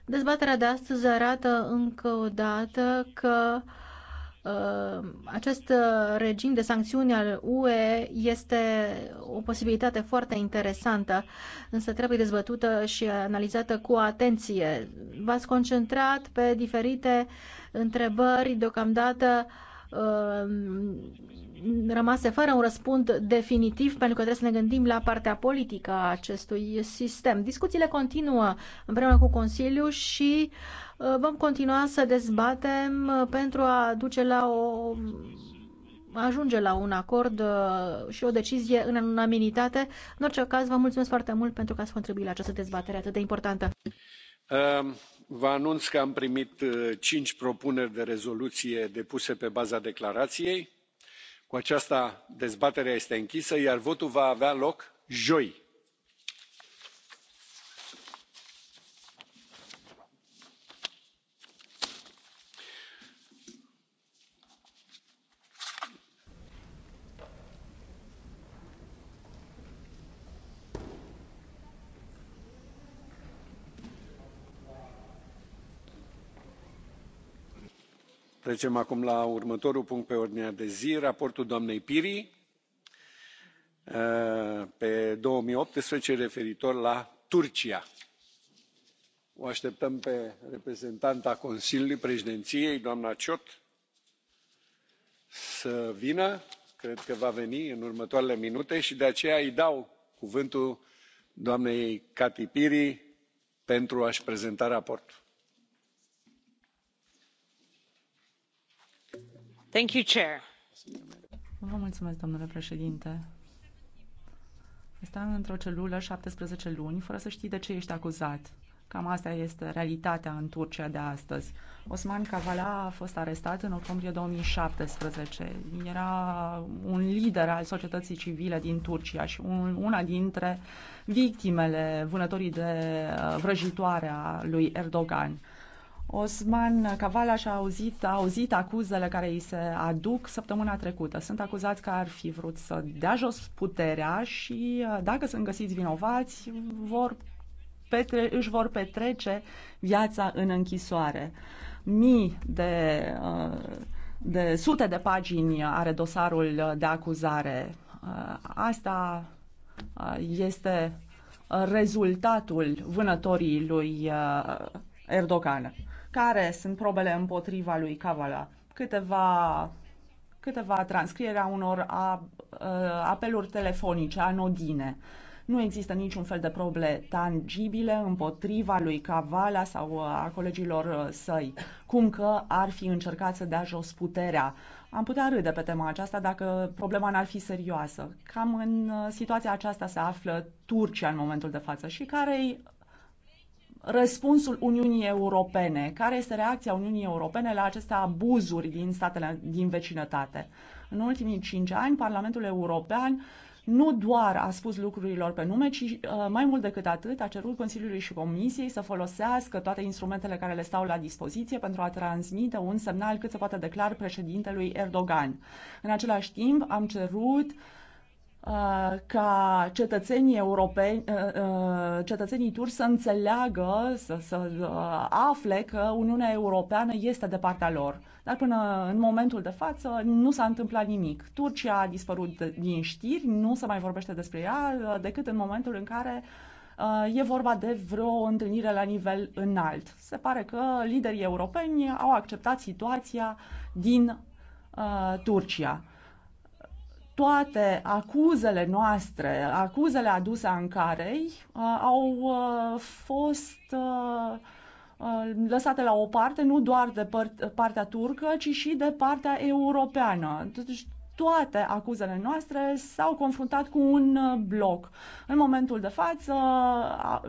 Dezbaterea de astăzi arată încă o dată că uh, acest uh, regim de sancțiuni al UE este o posibilitate foarte interesantă, însă trebuie dezbătută și analizată cu atenție. V-ați concentrat pe diferite întrebări deocamdată uh, Uh, rămase fără un răspund definitiv, pentru că trebuie să ne gândim la partea politică a acestui sistem. Discuțiile continuă împreună cu Consiliul și uh, vom continua să dezbatem uh, pentru a duce la o ajunge la un acord și o decizie în unanimitate. În orice caz, vă mulțumesc foarte mult pentru că ați contribuit la această dezbatere atât de importantă. Um, vă anunț că am primit uh, cinci propuneri de rezoluție depuse pe baza declarației. cu aceasta dezbaterea este închisă iar votul va avea loc joi. trecem acum la următorul punct pe ordinea de zi raportul doamnei piri eh, pe două mii optsprezece referitor la turcia. o așteptăm pe reprezentanta consiliului președinției doamna ciot să vină cred că va veni în următoarele minute și de aceea îi dau cuvântul doamnei kati piri pentru a și prezenta raportul. mulțumesc, domnule președinte. Stai într-o celulă șaptesprezece luni fără să știi de ce ești acuzat. Cam asta este realitatea în Turcia de astăzi. Osman Kavala a fost arestat în octombrie 2017. Era un lider al societății civile din Turcia și un, una dintre victimele vânătorii de uh, vrăjitoare a lui Erdogan. Osman Cavala și-a auzit, a auzit acuzele care îi se aduc săptămâna trecută. Sunt acuzați că ar fi vrut să dea jos puterea și uh, dacă sunt găsiți vinovați, vor petre, își vor petrece viața în închisoare. Mii de, uh, de sute de pagini are dosarul de acuzare. Uh, asta este rezultatul vânătorii lui Erdogan care sunt probele împotriva lui Cavala. Câteva, câteva transcriere a unor a, a, apeluri telefonice anodine. Nu există niciun fel de proble tangibile împotriva lui Cavala sau a colegilor săi, cum că ar fi încercat să dea jos puterea. Am putea râde pe tema aceasta dacă problema n-ar fi serioasă. Cam în uh, situația aceasta se află Turcia în momentul de față și care îi răspunsul Uniunii Europene? Care este reacția Uniunii Europene la aceste abuzuri din statele din vecinătate? În ultimii cinci ani, Parlamentul European nu doar a spus lucrurilor pe nume, ci uh, mai mult decât atât a cerut Consiliului și Comisiei să folosească toate instrumentele care le stau la dispoziție pentru a transmite un semnal cât se poate declar președintelui Erdogan. În același timp, am cerut uh, Uh, ca cetățenii europeni, uh, uh, cetățenii turci să înțeleagă, să, să afle că Uniunea Europeană este de partea lor. Dar până în momentul de față nu s-a întâmplat nimic. Turcia a dispărut din știri, nu se mai vorbește despre ea decât în momentul în care e vorba de vreo întâlnire la nivel înalt. Se pare că liderii europeni au acceptat situația din uh, Turcia toate acuzele noastre, acuzele aduse Ancarei, uh, au uh, fost uh, uh lăsate la o parte, nu doar de partea turcă, ci și de partea europeană. Deci, toate acuzele noastre s-au confruntat cu un uh, bloc. În momentul de față,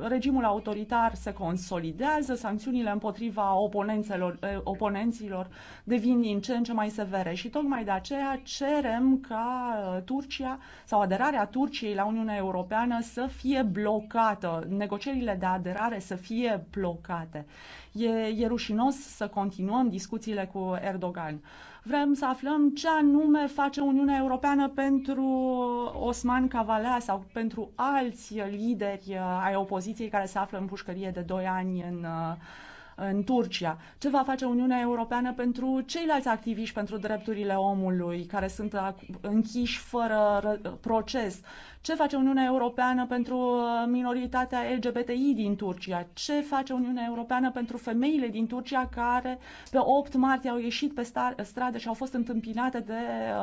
regimul autoritar se consolidează, sancțiunile împotriva oponenților, uh, oponenților devin din ce în ce mai severe și tocmai de aceea cerem ca uh, Turcia sau aderarea Turciei la Uniunea Europeană să fie blocată, negocierile de aderare să fie blocate. E, e rușinos să continuăm discuțiile cu Erdogan. Vrem să aflăm ce anume face Uniunea Europeană pentru Osman Cavalea sau pentru alți lideri uh, ai opoziției care se află în pușcărie de 2 ani în uh, în Turcia? Ce va face Uniunea Europeană pentru ceilalți activiști pentru drepturile omului care sunt închiși fără proces? Ce face Uniunea Europeană pentru uh, minoritatea LGBTI din Turcia? Ce face Uniunea Europeană pentru femeile din Turcia care pe 8 martie au ieșit pe stradă și au fost întâmpinate de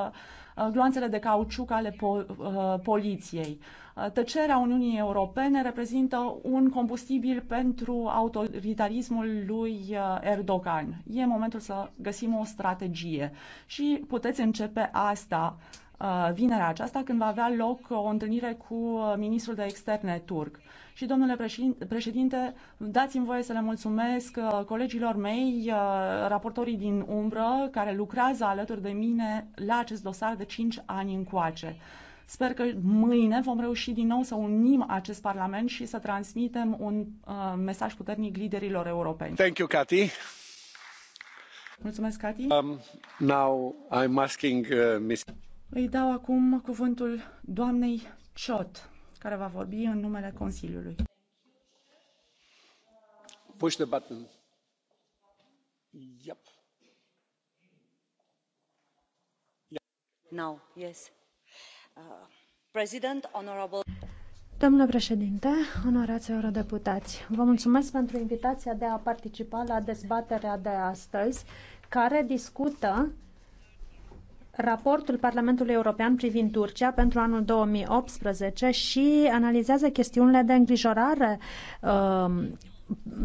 uh, Uh, gloanțele de cauciuc ale po- uh, poliției. Uh, tăcerea Uniunii Europene reprezintă un combustibil pentru autoritarismul lui Erdogan. E momentul să găsim o strategie și puteți începe asta Uh, vinerea aceasta când va avea loc o întâlnire cu uh, ministrul de externe turc. Și, domnule președinte, dați-mi voie să le mulțumesc uh, colegilor mei, raportorii din umbră, care lucrează alături de mine la acest dosar de 5 ani încoace. Sper că mâine vom reuși din nou să unim acest Parlament și să transmitem un uh, mesaj puternic liderilor europeni. Thank you, Cathy. Mulțumesc, Cathy. Um, now I'm asking uh, Ms. Îi dau acum cuvântul doamnei Ciot, care va vorbi în numele Consiliului. Push the button. Yep. yep. Now, yes. Uh, President, honorable... Domnule președinte, onorați eurodeputați, vă mulțumesc pentru invitația de a participa la dezbaterea de astăzi, care discută raportul Parlamentului European privind Turcia pentru anul 2018 și analizează chestiunile de îngrijorare um,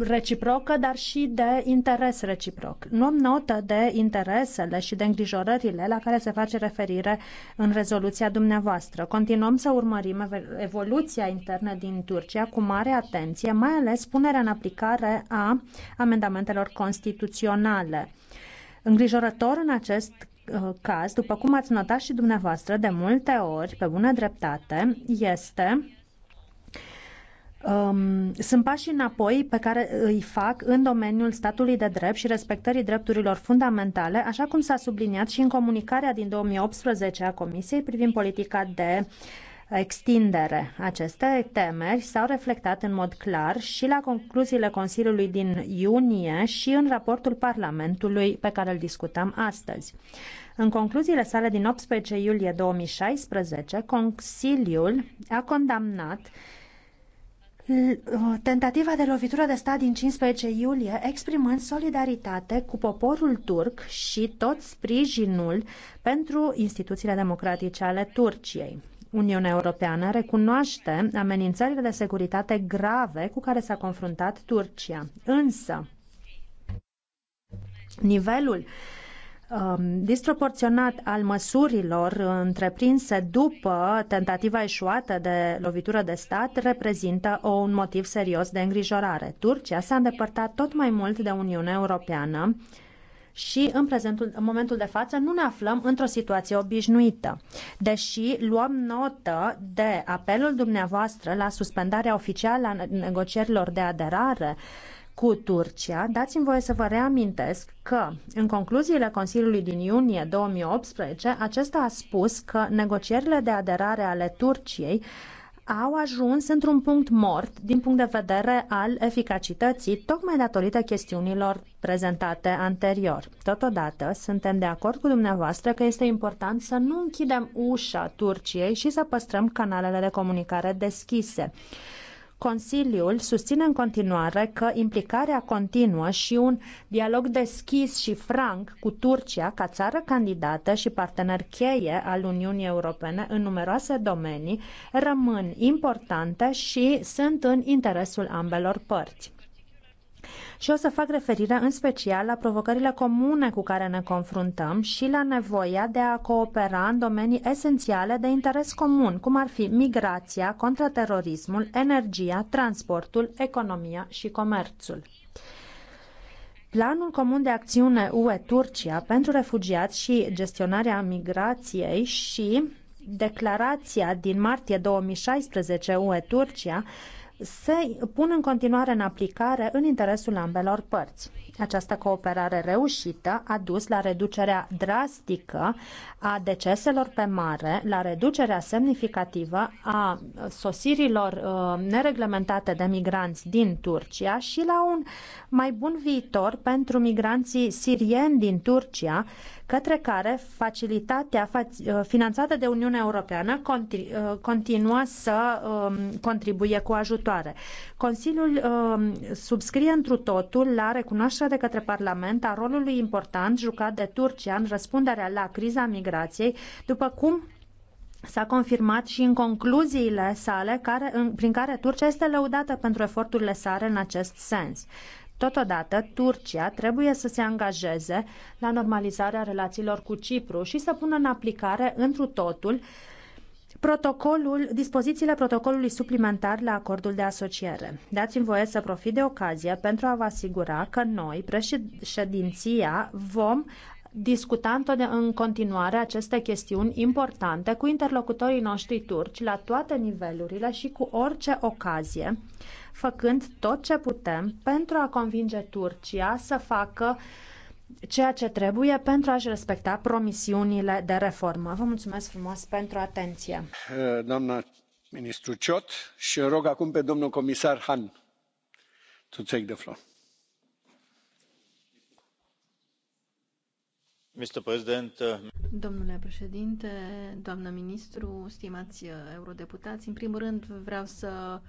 reciprocă, dar și de interes reciproc. am notă de interesele și de îngrijorările la care se face referire în rezoluția dumneavoastră. Continuăm să urmărim evoluția internă din Turcia cu mare atenție, mai ales punerea în aplicare a amendamentelor constituționale. Îngrijorător în acest Uh, caz, după cum ați notat și dumneavoastră de multe ori, pe bună dreptate, este Um, sunt pașii înapoi pe care îi fac în domeniul statului de drept și respectării drepturilor fundamentale, așa cum s-a subliniat și în comunicarea din 2018 a Comisiei privind politica de uh, extindere. Aceste temeri s-au reflectat în mod clar și la concluziile Consiliului din iunie și în raportul Parlamentului pe care îl discutăm astăzi. În concluziile sale din 18 iulie 2016, Consiliul a condamnat tentativa de lovitură de stat din 15 iulie, exprimând solidaritate cu poporul turc și tot sprijinul pentru instituțiile democratice ale Turciei. Uniunea Europeană recunoaște amenințările de securitate grave cu care s-a confruntat Turcia. Însă, nivelul um, disproporționat al măsurilor întreprinse după tentativa eșuată de lovitură de stat reprezintă o, un motiv serios de îngrijorare. Turcia s-a îndepărtat tot mai mult de Uniunea Europeană, și în, prezentul, în momentul de față nu ne aflăm într-o situație obișnuită, deși luăm notă de apelul dumneavoastră la suspendarea oficială a negocierilor de aderare cu Turcia, dați-mi voie să vă reamintesc că, în concluziile Consiliului din iunie 2018, acesta a spus că negocierile de aderare ale Turciei au ajuns într-un punct mort din punct de vedere al eficacității, tocmai datorită chestiunilor prezentate anterior. Totodată, suntem de acord cu dumneavoastră că este important să nu închidem ușa Turciei și să păstrăm canalele de comunicare deschise. Consiliul susține în continuare că implicarea continuă și un dialog deschis și franc cu Turcia ca țară candidată și partener cheie al Uniunii Europene în numeroase domenii rămân importante și sunt în interesul ambelor părți. Și o să fac referire în special la provocările comune cu care ne confruntăm și la nevoia de a coopera în domenii esențiale de interes comun, cum ar fi migrația, contraterorismul, energia, transportul, economia și comerțul. Planul comun de acțiune UE-Turcia pentru refugiați și gestionarea migrației și declarația din martie 2016 UE-Turcia se pun în continuare în aplicare în interesul ambelor părți. Această cooperare reușită a dus la reducerea drastică a deceselor pe mare, la reducerea semnificativă a sosirilor uh, nereglementate de migranți din Turcia și la un mai bun viitor pentru migranții sirieni din Turcia, către care facilitatea uh, finanțată de Uniunea Europeană uh, continua să um, contribuie cu ajutoare. Consiliul um, subscrie întru totul la recunoașterea recunoașterea de către Parlament a rolului important jucat de Turcia în răspunderea la criza migrației, după cum s-a confirmat și în concluziile sale care, în, prin care Turcia este lăudată pentru eforturile sale în acest sens. Totodată, Turcia trebuie să se angajeze la normalizarea relațiilor cu Cipru și să pună în aplicare întru totul uh, protocolul, dispozițiile protocolului suplimentar la acordul de asociere. Dați-mi voie să profit de ocazie pentru a vă asigura că noi, președinția, vom discuta în continuare aceste chestiuni importante cu interlocutorii noștri turci la toate nivelurile și cu orice ocazie, făcând tot ce putem pentru a convinge Turcia să facă uh, ceea ce trebuie pentru a-și respecta promisiunile de reformă. Vă mulțumesc frumos pentru atenție. Doamna ministru Ciot și rog acum pe domnul comisar Han to take the floor. Uh, Domnule președinte, doamnă ministru, stimați uh, eurodeputați, în primul rând vreau să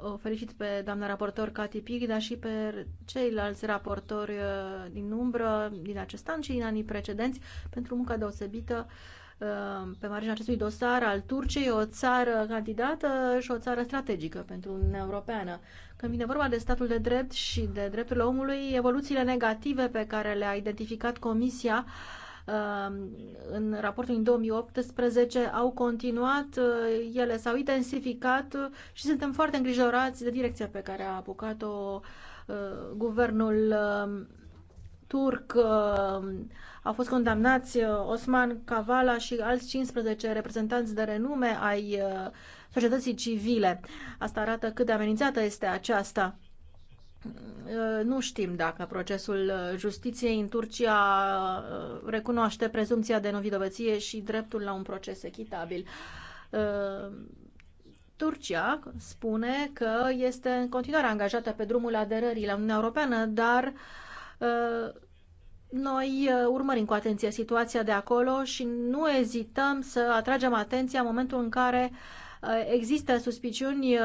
o felicit pe doamna raportor Cati Pig, dar și pe ceilalți raportori uh, din umbră din acest an și din anii precedenți pentru munca deosebită uh, pe marginea acestui dosar al Turciei, o țară candidată și o țară strategică pentru Uniunea Europeană. Când vine vorba de statul de drept și de drepturile omului, evoluțiile negative pe care le-a identificat Comisia uh, Um, în raportul din 2018 au continuat, uh, ele s-au intensificat uh, și suntem foarte îngrijorați de direcția pe care a apucat-o uh, guvernul um, turc um, au fost condamnați Osman Kavala și alți 15 reprezentanți de renume ai societății civile. Asta arată cât de amenințată este aceasta. Mm, nu știm dacă procesul justiției în Turcia mm, recunoaște prezumția de nevinovăție și dreptul la un proces echitabil. Mm, Turcia spune că este în continuare angajată pe drumul aderării la Uniunea Europeană, dar noi uh, urmărim cu atenție situația de acolo și nu ezităm să atragem atenția în momentul în care uh, Uh, există suspiciuni uh,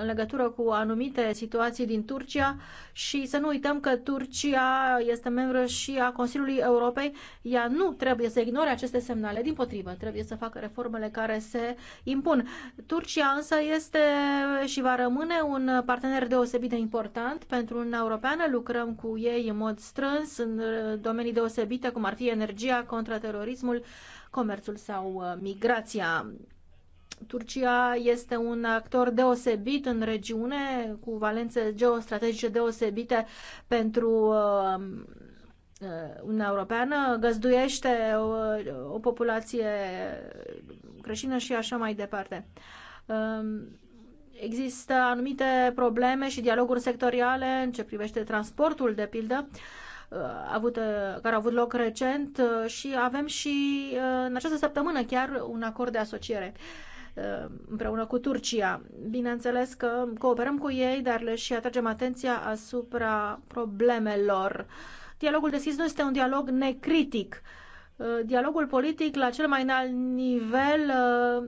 în legătură cu anumite situații din Turcia și să nu uităm că Turcia este membră și a Consiliului Europei. Ea nu trebuie să ignore aceste semnale, din potrivă, trebuie să facă reformele care se impun. Turcia însă este și va rămâne un partener deosebit de important pentru Uniunea Europeană. Lucrăm cu ei în mod strâns în uh, domenii deosebite, cum ar fi energia, contraterorismul, comerțul sau migrația. Turcia este un actor deosebit în regiune, cu valențe geostrategice deosebite pentru um, uh, Uniunea Europeană, găzduiește o, uh, o populație creștină și așa mai departe. Um, există anumite probleme și dialoguri sectoriale în ce privește transportul, de pildă, uh, avut, care a avut loc recent și avem și în această săptămână chiar un acord de asociere. Uh, Uh, împreună cu Turcia. Bineînțeles că cooperăm cu ei, dar le și atragem atenția asupra problemelor. Dialogul deschis nu este un dialog necritic. Uh, dialogul politic la cel mai înalt nivel uh,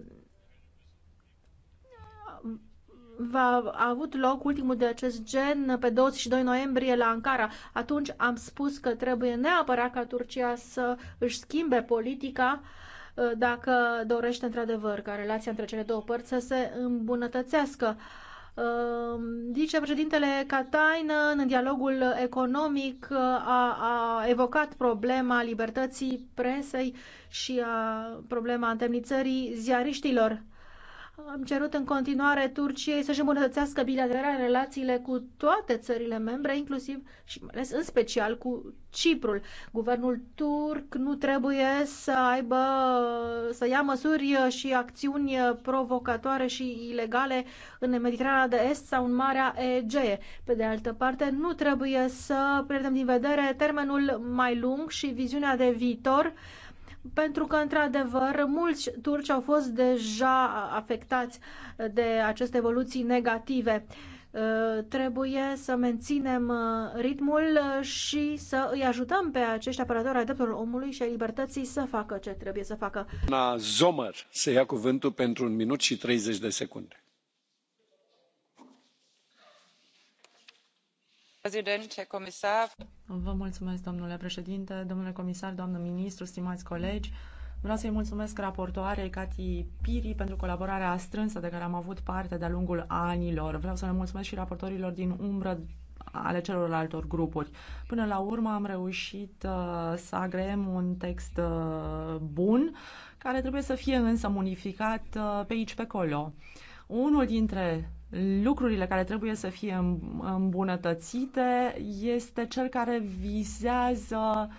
va, a avut loc ultimul de acest gen pe 22 noiembrie la Ankara. Atunci am spus că trebuie neapărat ca Turcia să își schimbe politica uh, Uh, dacă dorește într-adevăr ca relația între cele două părți să se îmbunătățească. Uh, președintele Katainen, în dialogul economic, uh, a, a evocat problema libertății presei și a problema întemnițării ziariștilor. Am cerut în continuare Turciei să-și îmbunătățească bilateral relațiile cu toate țările membre, inclusiv și ales în special cu Ciprul. Guvernul turc nu trebuie să aibă, să ia măsuri și acțiuni provocatoare și ilegale în Mediterana de Est sau în Marea Egee. Pe de altă parte, nu trebuie să pierdem din vedere termenul mai lung și viziunea de viitor uh, pentru că, într-adevăr, mulți turci au fost deja afectați de aceste evoluții negative. Uh, trebuie să menținem uh, ritmul și să îi ajutăm pe acești apărători ai drepturilor omului și ai libertății să facă ce trebuie să facă. Na Zomer se ia cuvântul pentru un minut și 30 de secunde Vă mulțumesc, domnule președinte, domnule comisar, doamnă ministru, stimați colegi. Vreau să-i mulțumesc raportoarei Cati Piri pentru colaborarea strânsă de care am avut parte de-a lungul anilor. Vreau să le mulțumesc și raportorilor din umbră ale celorlaltor grupuri. Până la urmă am reușit uh, să agreem un text uh, bun, care trebuie să fie însă modificat uh, pe aici, pe acolo. Unul dintre lucrurile care trebuie să fie îmbunătățite este cel care vizează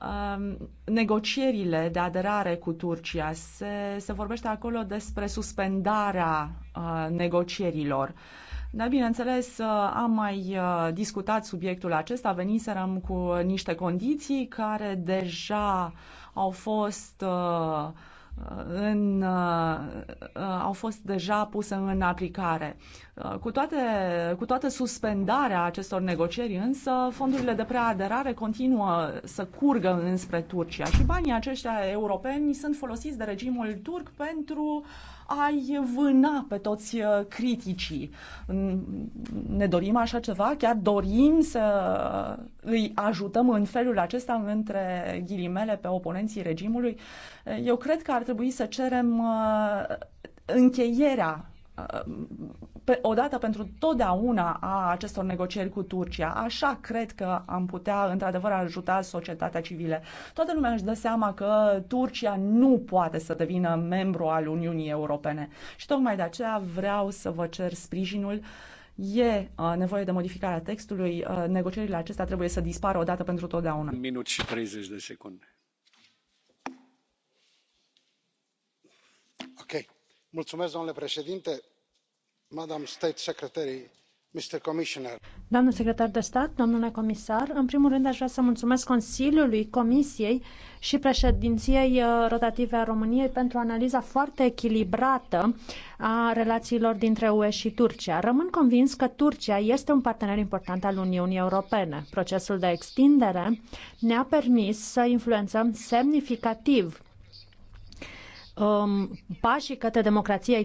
um, negocierile de aderare cu Turcia. Se, se vorbește acolo despre suspendarea uh, negocierilor. Dar, bineînțeles, uh, am mai uh, discutat subiectul acesta, veniserăm cu niște condiții care deja au fost uh, în, uh, au fost deja puse în aplicare. Uh, cu, toate, cu toată suspendarea acestor negocieri, însă, fondurile de preaderare continuă să curgă înspre Turcia și banii aceștia europeni sunt folosiți de regimul turc pentru uh, ai vâna pe toți uh, criticii. Ne dorim așa ceva? Chiar dorim să uh, îi ajutăm în felul acesta între ghilimele pe oponenții regimului? Eu cred că ar trebui să cerem uh, încheierea pe, odată pentru totdeauna a acestor negocieri cu Turcia. Așa cred că am putea, într-adevăr, ajuta societatea civilă. Toată lumea își dă seama că Turcia nu poate să devină membru al Uniunii Europene. Și tocmai de aceea vreau să vă cer sprijinul E uh, nevoie de modificarea textului. Uh, negocierile acestea trebuie să dispară odată pentru totdeauna. Un minut și 30 de secunde. domnule președinte doamnă secretar de stat domnule comisar în primul rând aș vrea să mulțumesc consiliului comisiei și președinției uh, rotative a româniei pentru analiza foarte echilibrată a relațiilor dintre ue și turcia. rămân convins că turcia este un partener important al uniunii europene. procesul de extindere ne a permis să influențăm semnificativ um, pașii către democrație